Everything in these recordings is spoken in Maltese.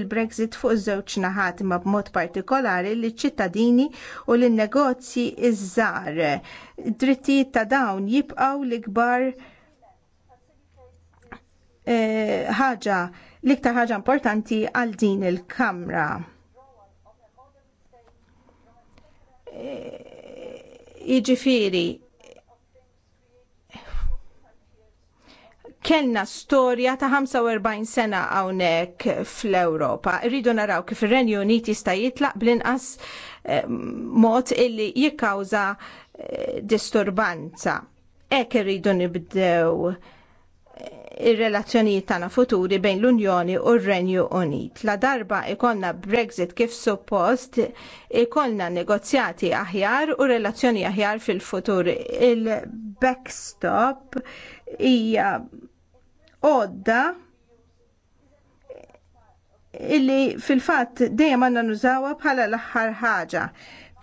il-Brexit fuq iż-żewġ naħat imma b'mod partikolari li ċittadini u l negozji iż-żar. Drittijiet ta' dawn jibqgħu l-ikbar eh, ħaġa l-iktar ħaġa importanti għal din il-Kamra. E, Jiġifieri kellna storja ta' 45 sena hawnhekk fl-Ewropa. Rridu naraw kif ir-Renju Unit jista' jitlaq bl-inqas eh, mod illi jikkawża eh, disturbanza. Hekk irridu nibdew eh, ir-relazzjonijiet tagħna futuri bejn l-Unjoni u r-Renju Unit. La darba ikollna Brexit kif suppost, jkollna negozjati aħjar u relazzjoni aħjar fil-futur. Il-backstop hija għodda illi fil-fatt dejjem għandna nużawha bħala l-aħħar ħaġa.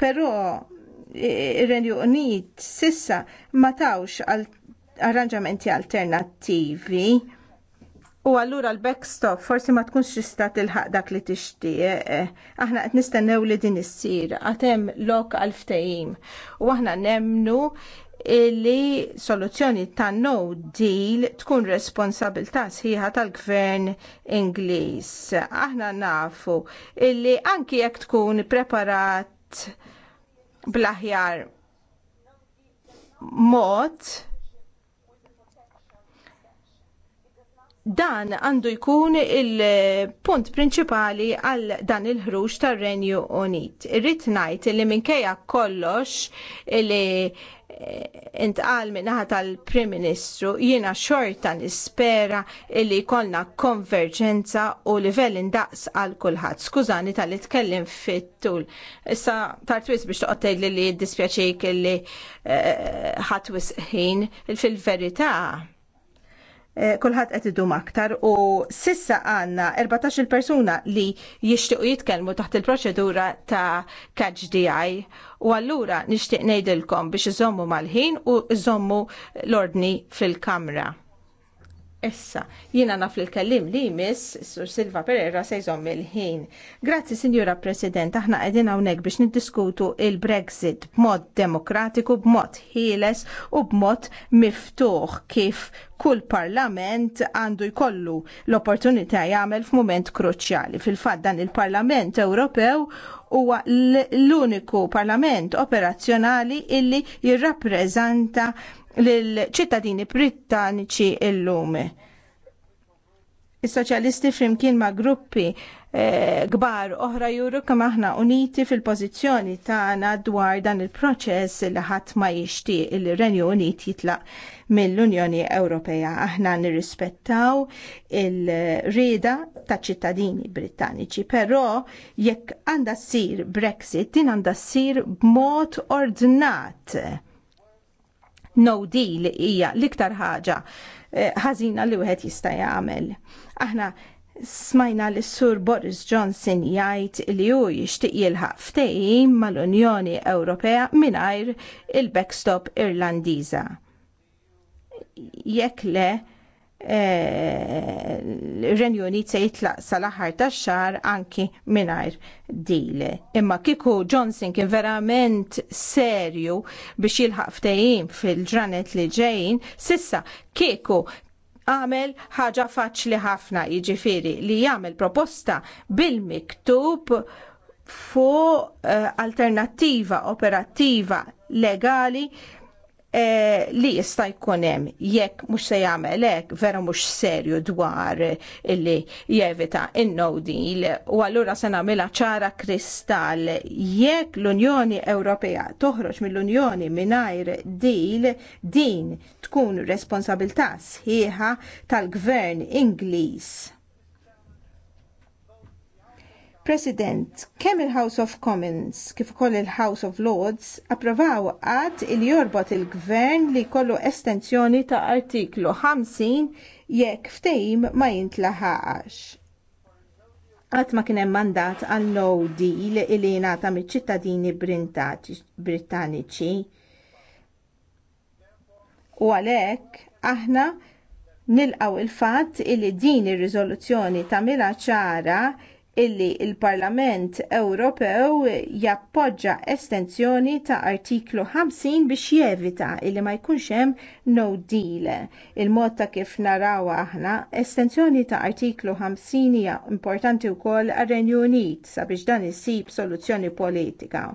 Però r renju Unit sissa ma tawx arranġamenti alternattivi u allura l-backstop forsi ma tkunx tista' tilħaq dak li tixtieq. Aħna qed nistennew li din issir għatem lok għal ftehim u aħna nemnu li soluzzjoni ta' no deal tkun responsabilta sħiħa tal-gvern Ingliż. Aħna nafu illi anki jekk tkun preparat blaħjar mod dan għandu jkun il-punt prinċipali għal dan il-ħruġ tar-Renju Unit. Irrid ngħid li minkejja kollox li intqal minnaħa tal-Prim Ministru jiena xorta nispera li jkollna konverġenza u livell indaqs għal kulħadd. Skużani tal-li fit-tul. Issa tartwis biex toqgħod tgħidli li jiddispjaċik li eh, ħadd ħin fil-verità Eh, kulħadd qed idum aktar u sissa għandna 14 persuna li jixtiequ jitkellmu taħt il-proċedura ta' catch DI u allura nixtieq ngħidilkom biex iżommu mal-ħin u iżommu l-ordni fil-kamra. Issa, jiena naf il kellim li jmiss Sur Silva Pereira se jżomm il-ħin. Grazzi, Sinjura President, aħna qegħdin hawnhekk biex niddiskutu il-Brexit b'mod demokratiku, b'mod ħieles u b'mod miftuħ kif kull parlament għandu jkollu l-opportunità jagħmel f'mument kruċjali. Fil-fatt dan il-Parlament Ewropew huwa l-uniku parlament operazzjonali illi jirrappreżenta lill-ċittadini Brittaniċi illum. Is-soċjalisti flimkien ma' gruppi eh, kbar oħra juru kemm aħna uniti fil-pożizzjoni tagħna dwar dan il-proċess li ħadd ma jixti il-Renju Unit jitlaq mill-Unjoni Ewropea. Aħna nirrispettaw il-rieda taċ ċittadini Brittaniċi, però jekk għandha ssir Brexit din għandha ssir b'mod ordnat no deal hija l-iktar ħaġa eh, ħażina li wieħed jista' jagħmel. Aħna smajna l sur Boris Johnson jgħid li hu jixtieq jilħaq ftehim mal-Unjoni Ewropea mingħajr il-backstop Irlandiża. Jekk le Eh, Renju Unit se jitlaq sal-aħħar tax-xahar anki mingħajr dili. Imma kieku Johnson kien verament serju biex jilħaq ftehim fil-ġranet li ġejjin, sissa kieku għamel ħaġa faċli ħafna jiġifieri li jagħmel proposta bil-miktub fuq uh, alternattiva operattiva legali Eh, li jista' jkun hemm jekk mhux se jagħmel hekk vera mhux serju dwar li jevita in-no u allura se nagħmilha ċara kristall jekk l-Unjoni Ewropea toħroġ mill-Unjoni mingħajr deal din tkun responsabilità sħiħa tal-Gvern Ingliż President, kemm il-House of Commons kif ukoll il-House of Lords approvaw għad il jorbot il-gvern li jkollu estensjoni ta' artiklu 50 jekk ftehim ma jintlaħax. Qatt ma kien hemm mandat għal no deal li jingħata miċ-ċittadini Brittaniċi. U għalhekk aħna nilqaw il-fatt li din ir-riżoluzzjoni tagħmilha ċara illi l il parlament Ewropew jappoġġa estensjoni ta' artiklu 50 biex jevita illi ma jkunx hemm no deal. Il-mod ta' kif naraw aħna, estensjoni ta' artiklu 50 hija importanti wkoll għar-Renju Unit sabiex dan isib soluzzjoni politika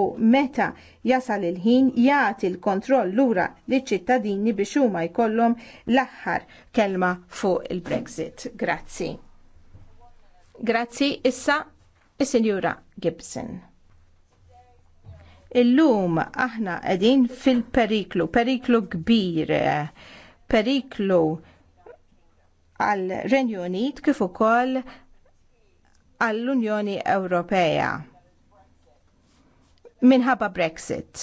u meta jasal il-ħin jagħti l-kontroll lura liċ ċittadini biex huma jkollhom l-aħħar kelma fuq il-Brexit. Grazzi. Grazzi issa is-Sinjura Gibson. Illum aħna qegħdin fil-periklu, periklu kbir, periklu għal renju Unit kif ukoll għall-Unjoni Ewropea minħabba Brexit.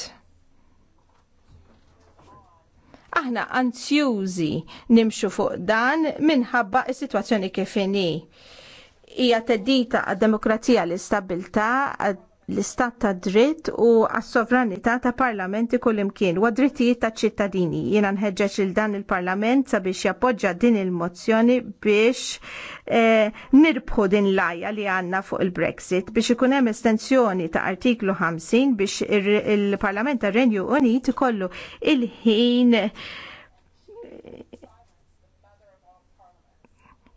Aħna anzjużi nimxu fuq dan minħabba is-sitwazzjoni kif inhi hija teddita għad-demokrazija l-istabilta, l-istat ta' dritt u għas-sovranità ta' parlamenti kullimkien u għad-drittijiet ta' ċittadini. Jiena nħeġġeġ il dan il-parlament sabiex jappoġġa din il-mozzjoni biex eh, nirbħu din lajja li għanna fuq il-Brexit biex ikun hemm estensjoni ta' artiklu 50 biex il-Parlament tar Renju Unit kollu il-ħin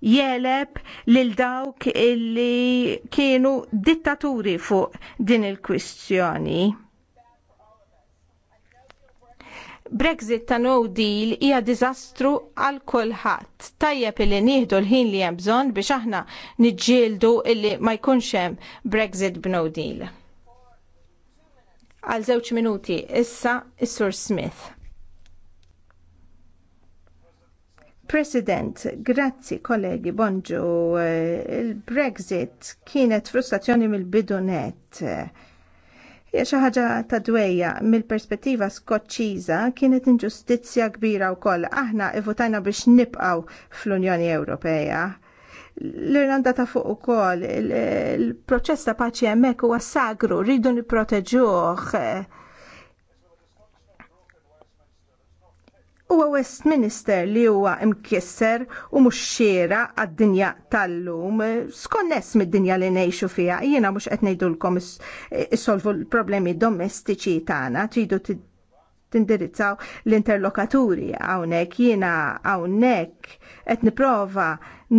jeleb lil dawk illi kienu dittaturi fuq din il-kwistjoni. Brexit ta' no deal hija diżastru għal kulħadd. Tajjeb illi nieħdu l-ħin li hemm bżonn biex aħna niġġieldu illi ma jkunx hemm Brexit b'no deal. Għal żewġ minuti issa is-Sur Smith. President, grazzi kollegi, bonġu. Il-Brexit kienet frustrazzjoni mill-bidunet. Ja xi ħaġa ta' dwejja mill-perspettiva skoċċiża kienet inġustizzja kbira wkoll. Aħna ivvutajna biex nibqgħu fl-Unjoni Ewropea. L-Irlanda ta' fuq ukoll il-proċess ta' paċi hemmhekk huwa sagru, rridu nipproteġuh huwa Westminster li huwa mkisser u mhux xiera għad-dinja tal-lum, skonness mid-dinja li ngħixu fiha, jiena mhux qed ngħidulkom issolvu l-problemi domestiċi tagħna, tridu tindirizzaw l-interlokaturi hawnhekk jiena hawnhekk qed nipprova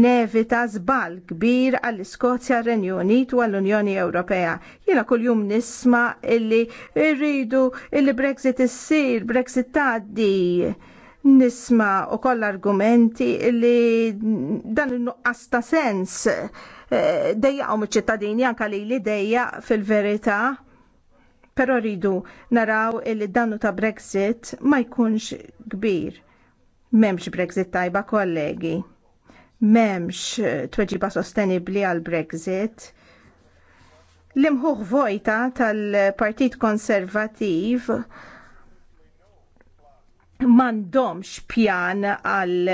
nevita żball kbir għall-Iskozja, Renju Unit u għall-Unjoni Ewropea. Jiena kuljum nisma illi rridu illi Brexit issir, Brexit tgħaddi nisma u koll argumenti li dan il-nuqqas ta' sens eh, dejja iċ-ċittadini anka li li dejja fil-verità pero rridu naraw il dannu ta' Brexit ma jkunx kbir. Memx Brexit tajba kollegi. Memx eh, tweġiba sostenibli għal Brexit. l vojta tal-Partit Konservativ mandomx pjan għal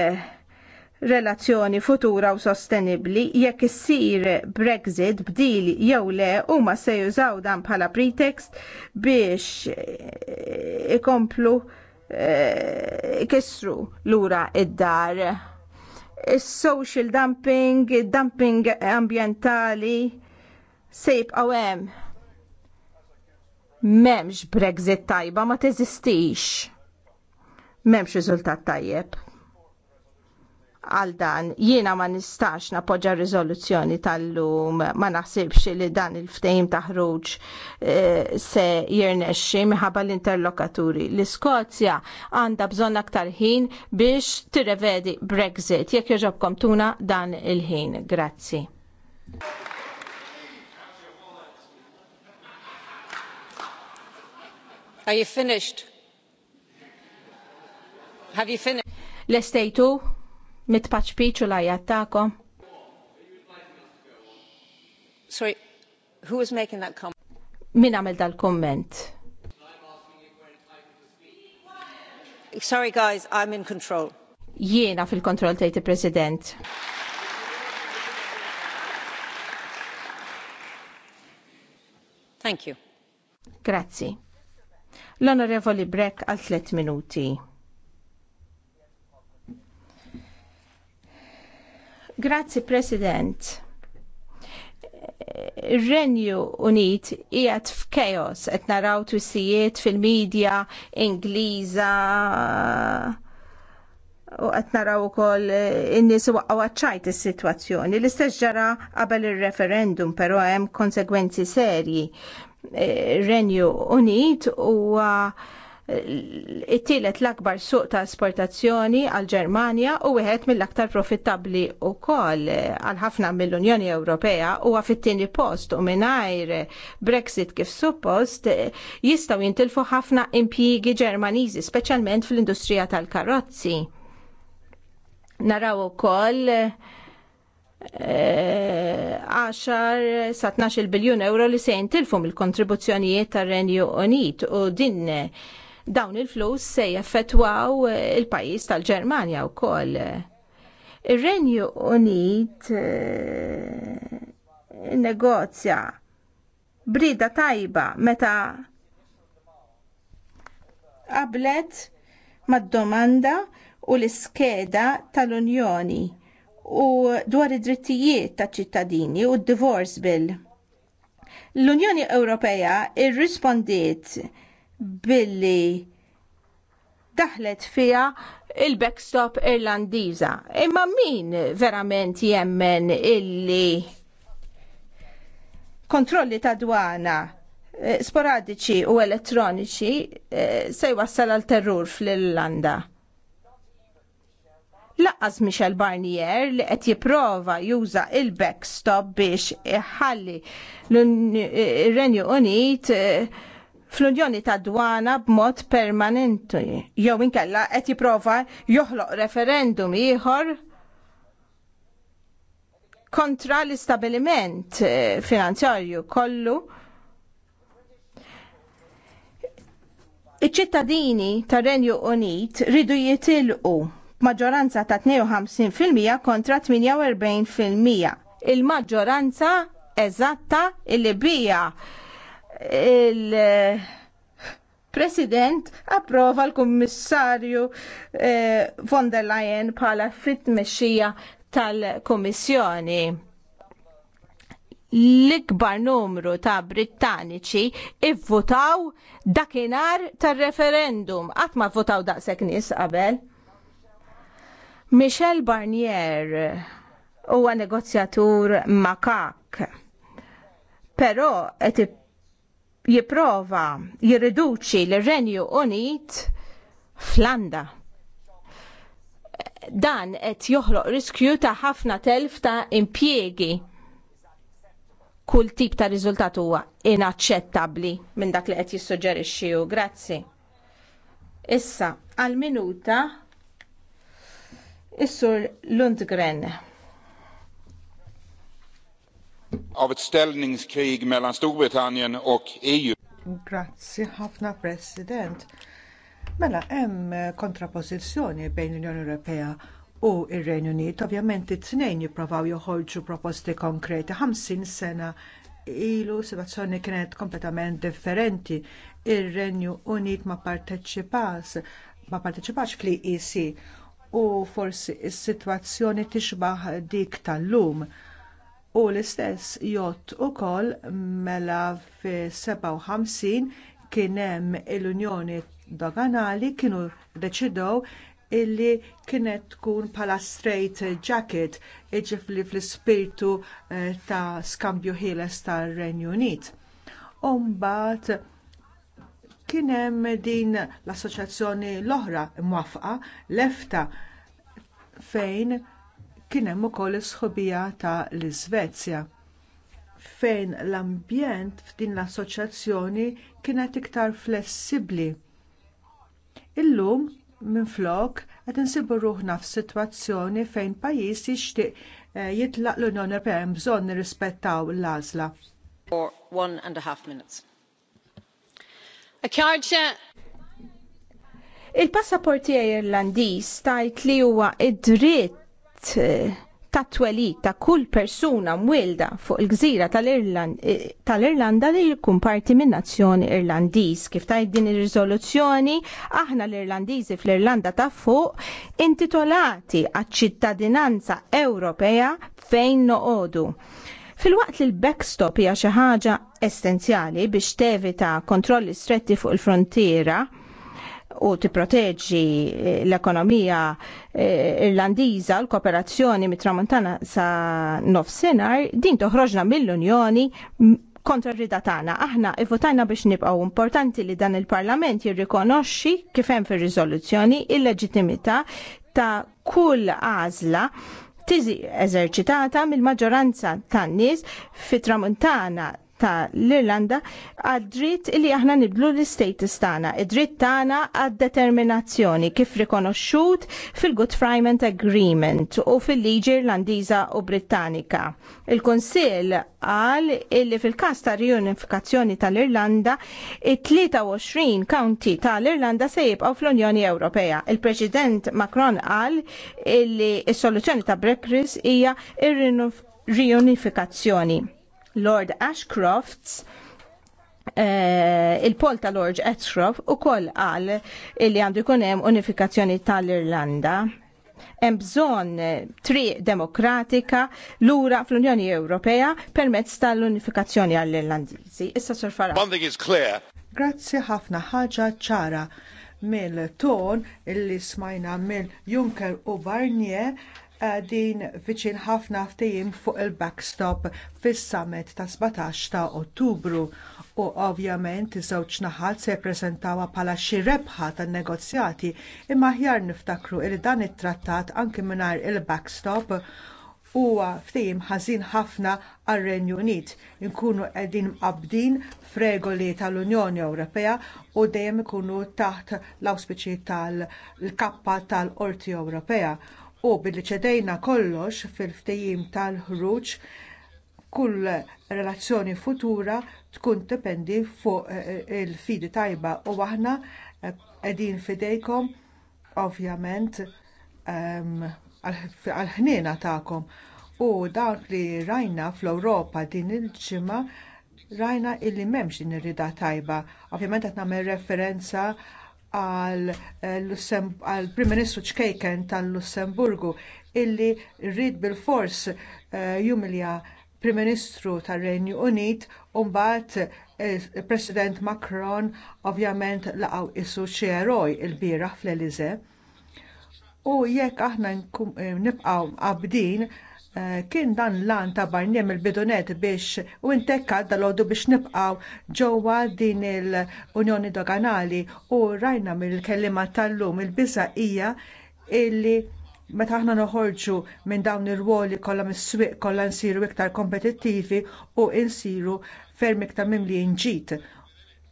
relazzjoni futura u sostenibli jekk issir Brexit bdil jew le huma se jużaw dan bħala pretext biex eh, ikomplu e, eh, kisru lura id-dar. Is-social dumping, dumping ambjentali se jibqgħu hemm. M'hemmx Brexit tajba ma teżistix memx riżultat tajjeb. Għal dan, jiena ma nistax napoġġa riżoluzzjoni tal-lum, ma naħsibx li dan il-ftejim taħruġ e, eh, se jirnexxi minħabba l-interlokaturi. L-Iskozja għandha bżonn aktar ħin biex tirrevedi Brexit. Jekk jogħġobkom tuna dan il-ħin. Grazzi. Are you finished? Have you finished? L-estejtu, mitpaċ Sorry, who was making that comment? Min għamil dal-komment? Sorry guys, I'm in control. Jiena fil kontrol tgħid president Thank you. Grazzi. L-Onorevoli Brek għal tliet minuti. Grazzi President. Renju Unit qiegħed f'kajos qed naraw twissijiet fil-medja Ingliża u qed naraw ukoll in-nies waqgħu għaċċajt is-sitwazzjoni. L-istess ġara qabel ir-referendum però hemm konsegwenzi serji. Eh, Renju Unit huwa uh, it-tielet l-akbar suq ta' esportazzjoni għal Ġermanja u wieħed mill-aktar profittabbli wkoll għal ħafna mill-Unjoni Ewropea huwa fit-tieni post u mingħajr Brexit kif suppost jistgħu jintilfu ħafna impjiegi Ġermaniżi speċjalment fl-industrija tal-karozzi. Naraw ukoll eh, għaxar sa 12 biljun euro li se jintilfu mill-kontribuzzjonijiet tar-Renju Unit u din dawn il-flus se jaffetwaw eh, il-pajis tal-Ġermanja wkoll. Ir-Renju Unit eh, negozja brida tajba meta qablet mad-domanda u l-iskeda tal-Unjoni u dwar id-drittijiet taċ ċittadini u d-divorce bill. L-Unjoni Ewropea irrispondiet billi daħlet fija il-backstop irlandiża. Imma min verament jemmen illi kontrolli ta' dwana eh, sporadiċi u elettroniċi eh, se jwassal għal terrur fl-Irlanda. Laqqas Michel Barnier li qed jipprova juża il-backstop biex iħalli l-Renju eh, Unit uh, fl-Unjoni ta' Dwana b'mod permanenti. Jew inkella qed jipprova joħloq referendum ieħor kontra l-istabiliment eh, finanzjarju kollu Iċ-ċittadini tar-Renju Unit ridu jitilqu maġġoranza ta' 52% kontra 48%. Il-maġġoranza eżatta il-libija il- President approva l-Kummissarju eh, von der Leyen bħala fit-mexxija tal kommissjoni L-ikbar numru ta' Brittaniċi ivvotaw dakinhar tar-referendum qatt ma votaw daqshekk nies qabel. Michel Barnier huwa negozjatur makak. Però qed jipprova jirriduċi l-Renju Unit flanda dan qed joħloq riskju ta' ħafna telf ta' impjiegi. Kull tip ta' riżultat huwa inaċċettabbli minn dak li qed jissuġġerixxi u grazzi. Issa għal minuta is-sur Lundgren av ett ställningskrig mellan Storbritannien och EU. Grazzi ħafna President. Mela hemm kontrapożizzjoni bejn l-Unjoni Ewropea u r renju Unit ovvjament it-tnejn jipprovaw joħolġu proposti konkreti 50 sena ilu situazzjoni kienet kompletament differenti. Ir-Renju Unit ma parteċipax ma parteċipax fl-EC e u forsi s-sitwazzjoni tixbaħ dik tal-lum u l-istess jott ukoll mela fi 57 kien hemm l-Unjoni Doganali kienu deċidew illi kienet tkun bħala straight jacket iġifli fl-spirtu eh, ta' skambju ħieles tar renju Unit. U mbagħad kien hemm din l-assoċjazzjoni l-oħra mwafqa lefta fejn kien hemm ukoll is-sħobija ta' l-Iżvezja fejn l-ambjent f'din l-assoċjazzjoni kienet iktar flessibbli. Illum minflok qed insibu ruħna f'sitwazzjoni fejn pajjiż jixtieq eh, jitlaq l-Unjoni Ewropea hemm bżonn nirrispettaw l-għażla. Il-passaporti Irlandiż tajt li huwa id-dritt Eh, ta' tweli ta' kull persuna mwilda fuq il-gżira eh, tal-Irlanda li jkun parti minn nazzjoni Irlandiż. Kif tajt din ir-riżoluzzjoni, aħna l-Irlandiżi fl-Irlanda ta' fuq intitolati għaċ-ċittadinanza Ewropea fejn noqogħdu. Fil-waqt li l-backstop hija xi ħaġa essenzjali biex tevita kontrolli stretti fuq il-frontiera, u tipproteġi eh, l-ekonomija eh, irlandiża l-kooperazzjoni mit-tramuntana sa nofsinhar din toħroġna mill-Unjoni kontra ridatana. Aħna votajna biex nibqgħu importanti li dan il-Parlament jirrikonoxxi kif hemm fir-riżoluzzjoni il-leġittimità ta' kull għażla tiżi eżerċitata mill-maġġoranza tan-nies fit-tramuntana ta' l-Irlanda għad-dritt li aħna niblu l istatus tagħna, id-dritt tagħna għad-determinazzjoni kif rikonoxxut fil-Good Friament Agreement u fil-liġi Irlandiża u Brittanika. Il-Kunsill qal illi fil-każ ta' riunifikazzjoni tal-Irlanda, it-23 county tal-Irlanda se jibqgħu fl-Unjoni Ewropea. Il-President Macron qal illi s-soluzzjoni ta' Brexit hija ir-riunifikazzjoni Lord Ashcrofts Uh, eh, il-pol ta' Lord Ashcroft u koll għal li għandu jkun hemm unifikazzjoni tal-Irlanda. Hemm bżonn eh, triq demokratika lura fl-Unjoni Ewropea permezz tal-unifikazzjoni għall-Irlandiżi. Issa Sur One thing is clear. Grazzi ħafna ħaġa ċara mill-ton illi smajna mill Juncker u Barnier din viċin ħafna ftehim fuq il-backstop fis-summit ta' 17 ta' Ottubru u ovvjament iż-żewġ naħat se jippreżentawha bħala xi rebħa tan-negozjati imma aħjar niftakru li dan it-trattat anke mingħajr il-backstop huwa ftehim ħażin ħafna għar-Renju Unit. Inkunu qegħdin mqabbdin f'regoli tal-Unjoni Ewropea u dejjem ikunu taħt l-awspiċi tal-kappa tal-Qorti Ewropea u billi ċedejna kollox fil-ftehim tal-ħruġ kull relazzjoni futura tkun tependi fuq eh, eh, il-fidi tajba u aħna qegħdin eh, fidejkom ovvjament ehm, għal-ħnina tagħkom. u dawn li rajna fl-Ewropa din il-ġimgħa rajna illi m'hemmx din ir-rida tajba. Ovvjament qed nagħmel referenza għall eh, prim Ministru ċkejken tal-Lussemburgu illi rrid bilfors eh, jumilja Prim Ministru tar-Renju Unit u mbagħad eh, President Macron ovvjament laqgħu isu xi eroj il fl-Elize. U jekk aħna nibqgħu qabdin Eh, kien dan lan ta' barniem il-bidunet biex u intekkat dal-ħodu biex nibqaw ġewwa din il-Unjoni Doganali u rajna mill-kellima tal-lum il-biża hija illi meta aħna noħorġu minn dawn ir-ruoli kollha mis-swieq kollha nsiru iktar kompetittivi u insiru ferm iktar mimli nġid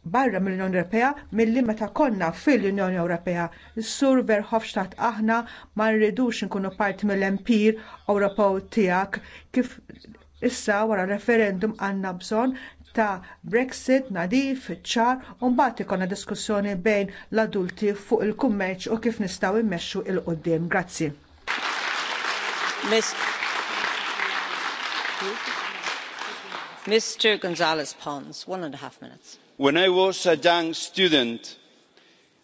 barra mill-Unjoni Ewropea milli meta konna fil-Unjoni Ewropea. Sur Verhofstadt aħna ma rridux nkunu parti mill-empir Ewropew tiegħek kif issa wara referendum għandna bżonn ta' Brexit nadif ċar u mbagħad ikollna diskussjoni bejn l-adulti fuq il-kummerċ u kif nistgħu immexxu il quddiem Grazzi. Mr. Gonzalez Pons, one and a half minutes. When I was a young student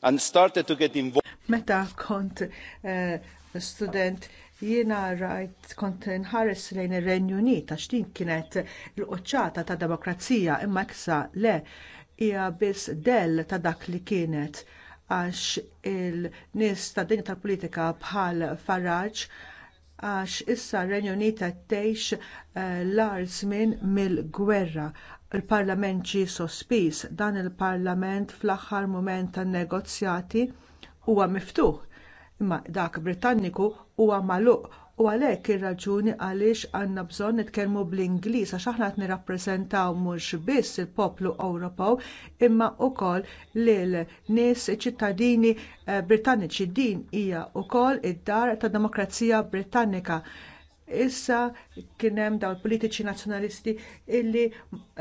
and started to get involved. Meta kont eh, student jiena rajt kont nħares lejn ir-Renju Unit għax din kienet l-qoċċata ta' demokrazija imma iksa le hija biss del ta' dak li kienet għax il-nies tad dinja tal-politika bħal Farraġ għax issa r-Renju Unit qed tgħix eh, l-ar żmien mill-gwerra il-Parlament ġie sospiż dan il-Parlament fl-aħħar mument tan-negozjati huwa miftuħ imma dak Britanniku huwa magħluq u għalhekk ir-raġuni għaliex għandna bżonn nitkellmu bl-Ingliż għax aħna qed nirrappreżentaw mhux biss il-poplu Ewropew imma wkoll lil nies ċittadini eh, Britanniċi din hija wkoll id-dar tad demokrazija Britannika. Issa kien hemm dawn politiċi nazzjonalisti illi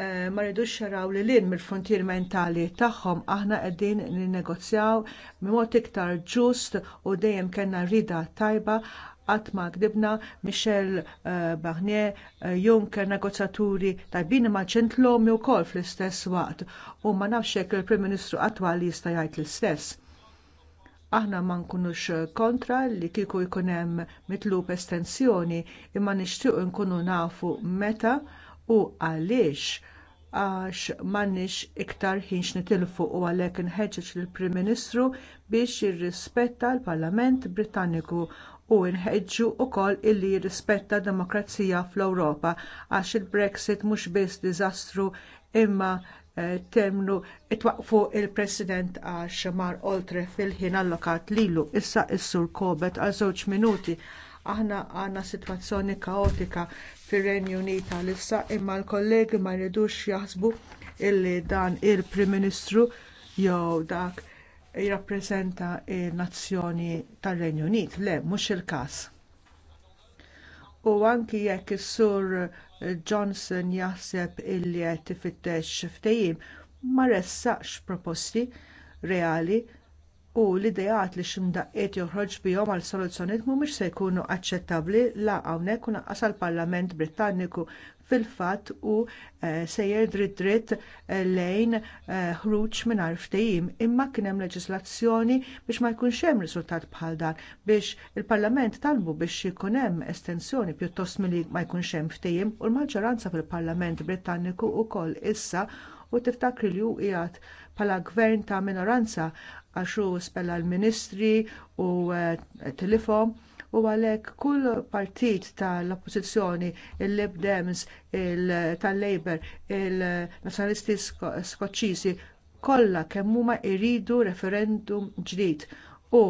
eh, ma rridux xaraw li lin mill-frontier mentali tagħhom aħna qegħdin ninnegozjaw b'mod iktar ġust u dejjem kellna rida tajba qatt ma kdibna Michel eh, Barnier, eh, Juncker, negozjaturi tajbin ma ċentlom wkoll fl-istess waqt u ma nafx hekk il-Prim Ministru attwali jista' jgħid l-istess aħna ma nkunux kontra li kieku jkun hemm mitlub estensjoni imma nixtiequ nkunu nafu meta u għaliex għax m'għandniex iktar ħin nitilfu u għalhekk inħeġġeġ lill-Prim Ministru biex jirrispetta l-Parlament Britanniku u nħeġġu wkoll illi jirrispetta d demokrazija fl-Ewropa għax il-Brexit mhux biss diżastru imma temnu itwaqfu il-President għax mar oltre fil-ħin allokat lilu issa is-sur Kobet għal żewġ minuti aħna għandna sitwazzjoni kaotika fir-Renju Unit għalissa imma l-kollegi ma jridux jaħsbu illi dan il-Prim Ministru jew dak jirrappreżenta n nazzjoni tar-Renju Unit. Le, mhux il-każ u anki jekk is-sur Johnson jaħseb illi qed tifittex ftehim ma ressaqx proposti reali u l-ideat li x-mdaqqiet joħroġ bihom għal soluzzjonijiet mhumiex se jkunu aċċettabbli la hawnhekk u naqqas għall-Parlament Brittaniku fil-fatt u eh, sejjer dritt dritt eh, lejn eh, ħruġ mingħajr ftehim imma kien hemm leġislazzjoni biex ma jkunx hemm riżultat bħal dan biex il-Parlament talbu biex ikun hemm estensjoni pjuttost milli ma jkunx hemm ftehim u l-maġġoranza fil-Parlament Brittaniku wkoll issa u tiftakri li hu qiegħed bħala gvern ta' minoranza għax hu spella l-ministri u eh, Telefon, u għalhekk kull partit tal-oppożizzjoni il-Lib Dems tal-Labor il-Nazzjonalisti Skoċċiżi kollha kemm huma jridu referendum ġdid u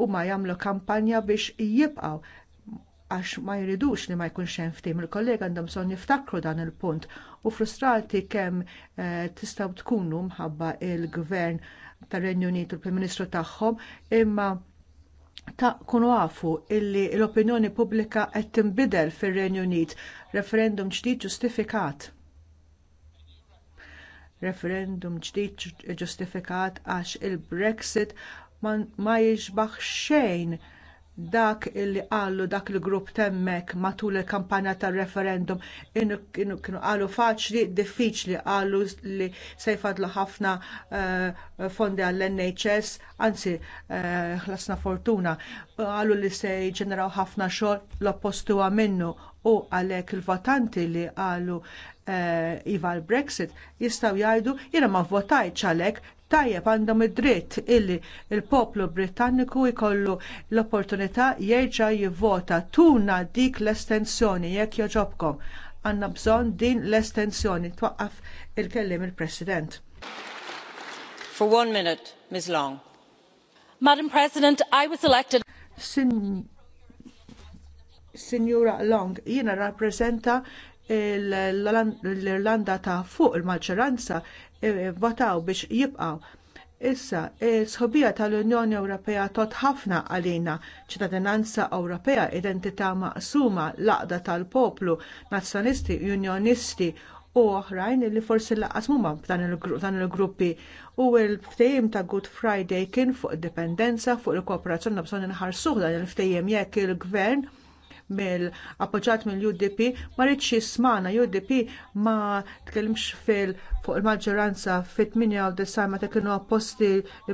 huma jagħmlu kampanja biex jibqgħu għax ma jridux li ma jkunx hemm ftit, il-kollega għandhom bżonn jiftakru dan il-punt u frustrati kemm eh, tistgħu tkunu mħabba l gvern tar-Renju Unit u l-Prim Ministru tagħhom imma ta' kunu għafu illi l-opinjoni pubblika qed tinbidel fir-Renju Unit referendum ġdid ġustifikat referendum ġdid ġustifikat għax il-Brexit ma jiġbaħ xejn dak illi qalu dak il-grupp temmek matul il-kampanja tar referendum kienu qalu faċli, diffiċli qalu li se jfadlu ħafna uh, fondi għall-NHS, anzi eh, ħlasna fortuna, qalu li se jġeneraw ħafna xogħol l-oppostu minnu u għalhekk il-votanti li qalu Eh, iva l-Brexit jistgħu jgħidu jiena ma votaj għalhekk tajjeb għandhom id-dritt illi l poplu Britanniku jkollu l-opportunità jieġa jivvota tuna dik l-estensjoni jekk joġobkom. għanna bżon din l-estensjoni twaqqaf il-kellim il-President. For one minute, Ms. Long. Madam President, I was elected. Sin Signora Long, jiena rappresenta l-Irlanda ta' fuq il-maġġoranza e, votaw biex jibqa'. Issa, sħobija tal-Unjoni Ewropea tot ħafna għalina ċittadinanza Ewropea identità maqsuma l-għaqda tal-poplu, nazzjonisti, unjonisti u oħrajn li forsi laqqas mumma f'dan il-gruppi u l-ftehim ta' Good Friday kien fuq dipendenza fuq il-kooperazzjoni bżonn inħarsuh dan il-ftehim jekk il-gvern il gvern mill appoġġat mill-UDP ma rridx jismana UDP ma tkellimx fil fuq il-maġġoranza fit-98 meta kienu apposti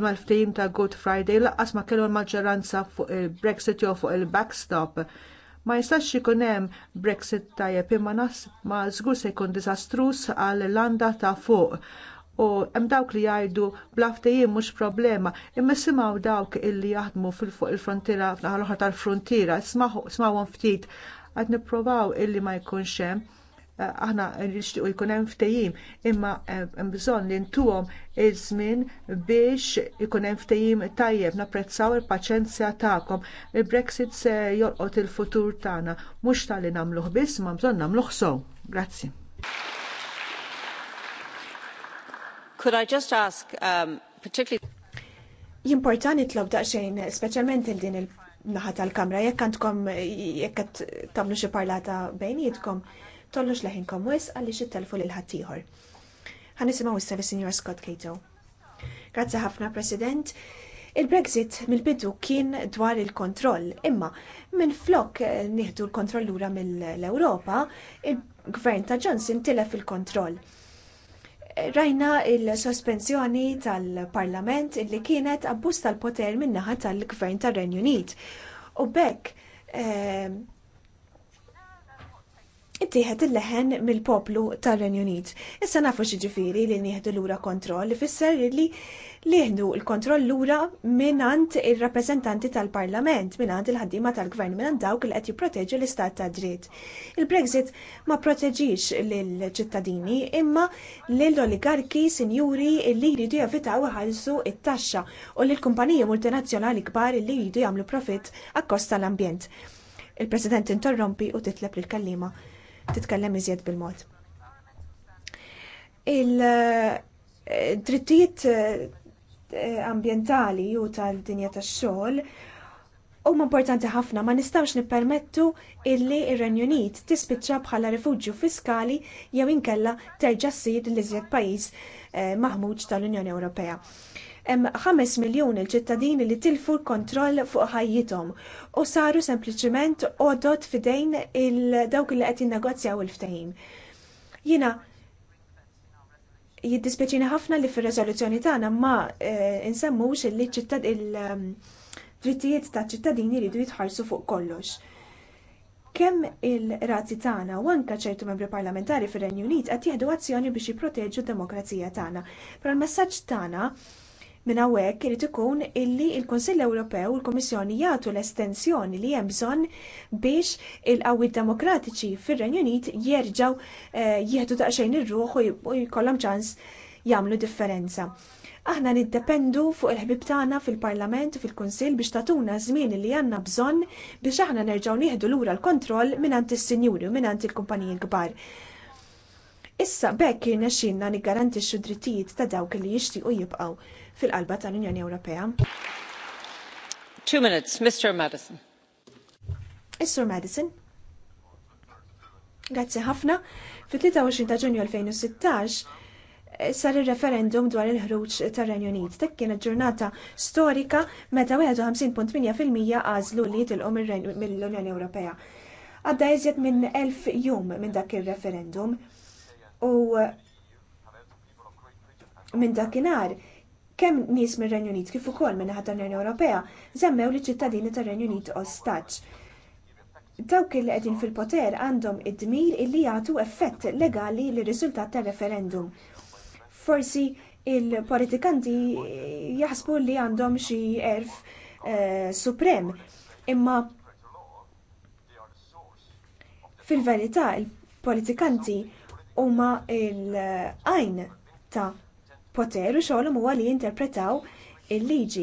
mal-ftehim ta' Good Friday laqqas ma kellu l-maġġoranza fuq il-Brexit jew fuq il-backstop ma jistax ikun hemm Brexit tajjeb imma nas ma żgur se jkun diżastruż għall landa ta' fuq u hemm dawk li jgħidu bla ftehim mhux problema, imma simgħu dawk illi jaħdmu fil-fuq il-frontiera fl-aħħar oħra tal-frontiera, smawhom ftit qed nippruvaw illi ma jkunx hemm eh, aħna nixtiequ jkun hemm ftehim, imma eh, hemm bżonn li ntuhom iż-żmien biex ikun hemm ftehim tajjeb napprezzaw il-paċenzja tagħkom. Il-Brexit se jolqot il-futur tagħna mhux tal-li nagħmluh biss ma bżonn nagħmluh sew. Grazzi. Could I just ask, um, particularly... Jimportani tlob daqxejn, specialment il-din il-naħa tal-kamra, jekk għandkom, jekk qed tagħmlu xi parlata bejnietkom, tollux leħinkom wis għaliex it-telfu lil ħaddieħor. Ħanisimgħu issa bis-Sinjor Scott Cato. Grazzi ħafna, President. Il-Brexit mill-bidu kien dwar il-kontroll, imma minn flok eh, nieħdu l-kontroll lura mill-Ewropa, il-gvern ta' Johnson tilef il-kontroll. il kontroll Rajna il-sospensjoni tal-Parlament illi kienet abbuż tal-poter min-naħa tal-Gvern tar-Renju Unit. U bekk eh, Ittieħed il-leħen mill-poplu tar-Renju Unit. Issa nafu xi li nieħdu lura kontroll ifisser li liħdu l-kontrollura minant il-rappresentanti tal-parlament, minant il-ħaddima tal-gvern, minant dawk li qed jipproteġu l-istat ta' dritt. Il-Brexit ma proteġix l-ċittadini imma l-oligarki sinjuri li jridu javitaw ħalsu it-taxxa u l-kumpaniji multinazzjonali kbar li jridu jagħmlu profitt akkost tal-ambjent. Il-President interrompi u titleb l kallima titkellem iżjed bil-mod. Il-drittijiet eh, Eh, ambjentali u tal-dinja tax-xogħol huma importanti ħafna ma nistgħux nippermettu illi r-Renju Unit tispiċċa bħala rifuġġju fiskali jew inkella terġa' ssir l-iżjed pajjiż eh, maħmuġ tal-Unjoni Ewropea. Hemm 5 miljun il-ċittadini li tilfu l-kontroll fuq ħajjithom u saru sempliċiment għodot fidejn il dawk li qed jinnegozjaw il-ftehim jiddispeċina ħafna li fir-reżoluzzjoni tagħna ma eh, insemmux li ċittad il-drittijiet ehm, ta' ċittadini jridu jitħarsu fuq kollox. Kemm il-razzi tagħna u anke ċertu membri parlamentari fir-Renju Unit qed jieħdu azzjoni biex jipproteġu d-demokrazija tagħna. Però l-messaġġ tagħna Minn hawnhekk irid ikun illi l-Kunsill Ewropew u l-Kummissjoni jagħtu l-estensjoni li hemm bżonn biex il-qawwi demokratiċi fir-Renju Unit jerġgħu eh, jieħdu daqsxejn ir-ruħ u jkollhom ċans jagħmlu differenza. Aħna niddependu fuq il-ħbib tagħna fil-Parlament u fil-Kunsill biex tatuna żmien li għandna bżonn biex aħna nerġgħu nieħdu lura l-kontroll mingħand is-sinjuri u mingħand il-kumpaniji kbar. Issa bekk jirnexxinna niggarantixxu drittijiet ta' dawk li jixtiequ jibqgħu fil-qalba tal-Unjoni Ewropea. Two minutes, Mr. Madison. Is-Sur Madison. Grazzi ħafna. Fit-23 ta' Ġunju 2016 eh, sar il-referendum dwar il-ħruġ tar-Renju Unit. Dik kienet ġurnata storika meta 51.8% għażlu li jitilqu mill-Unjoni Ewropea. Għadda iżjed minn elf jum minn dak ir referendum U uh, minn dakinhar kemm nies mir-Renju Unit kif ukoll minn ħadd l-Unjoni Ewropea żemmew li ċittadini tar-Renju Unit ostaġġ. Dawk li qegħdin fil-poter għandhom id-dmir illi jagħtu effett legali lir riżultat tar-referendum. Forsi il-politikanti jaħsbu li għandhom xi erf eh, suprem imma fil-verità il-politikanti huma l-għajn ta' poter u xogħolhom huwa li jinterpretaw il-liġi.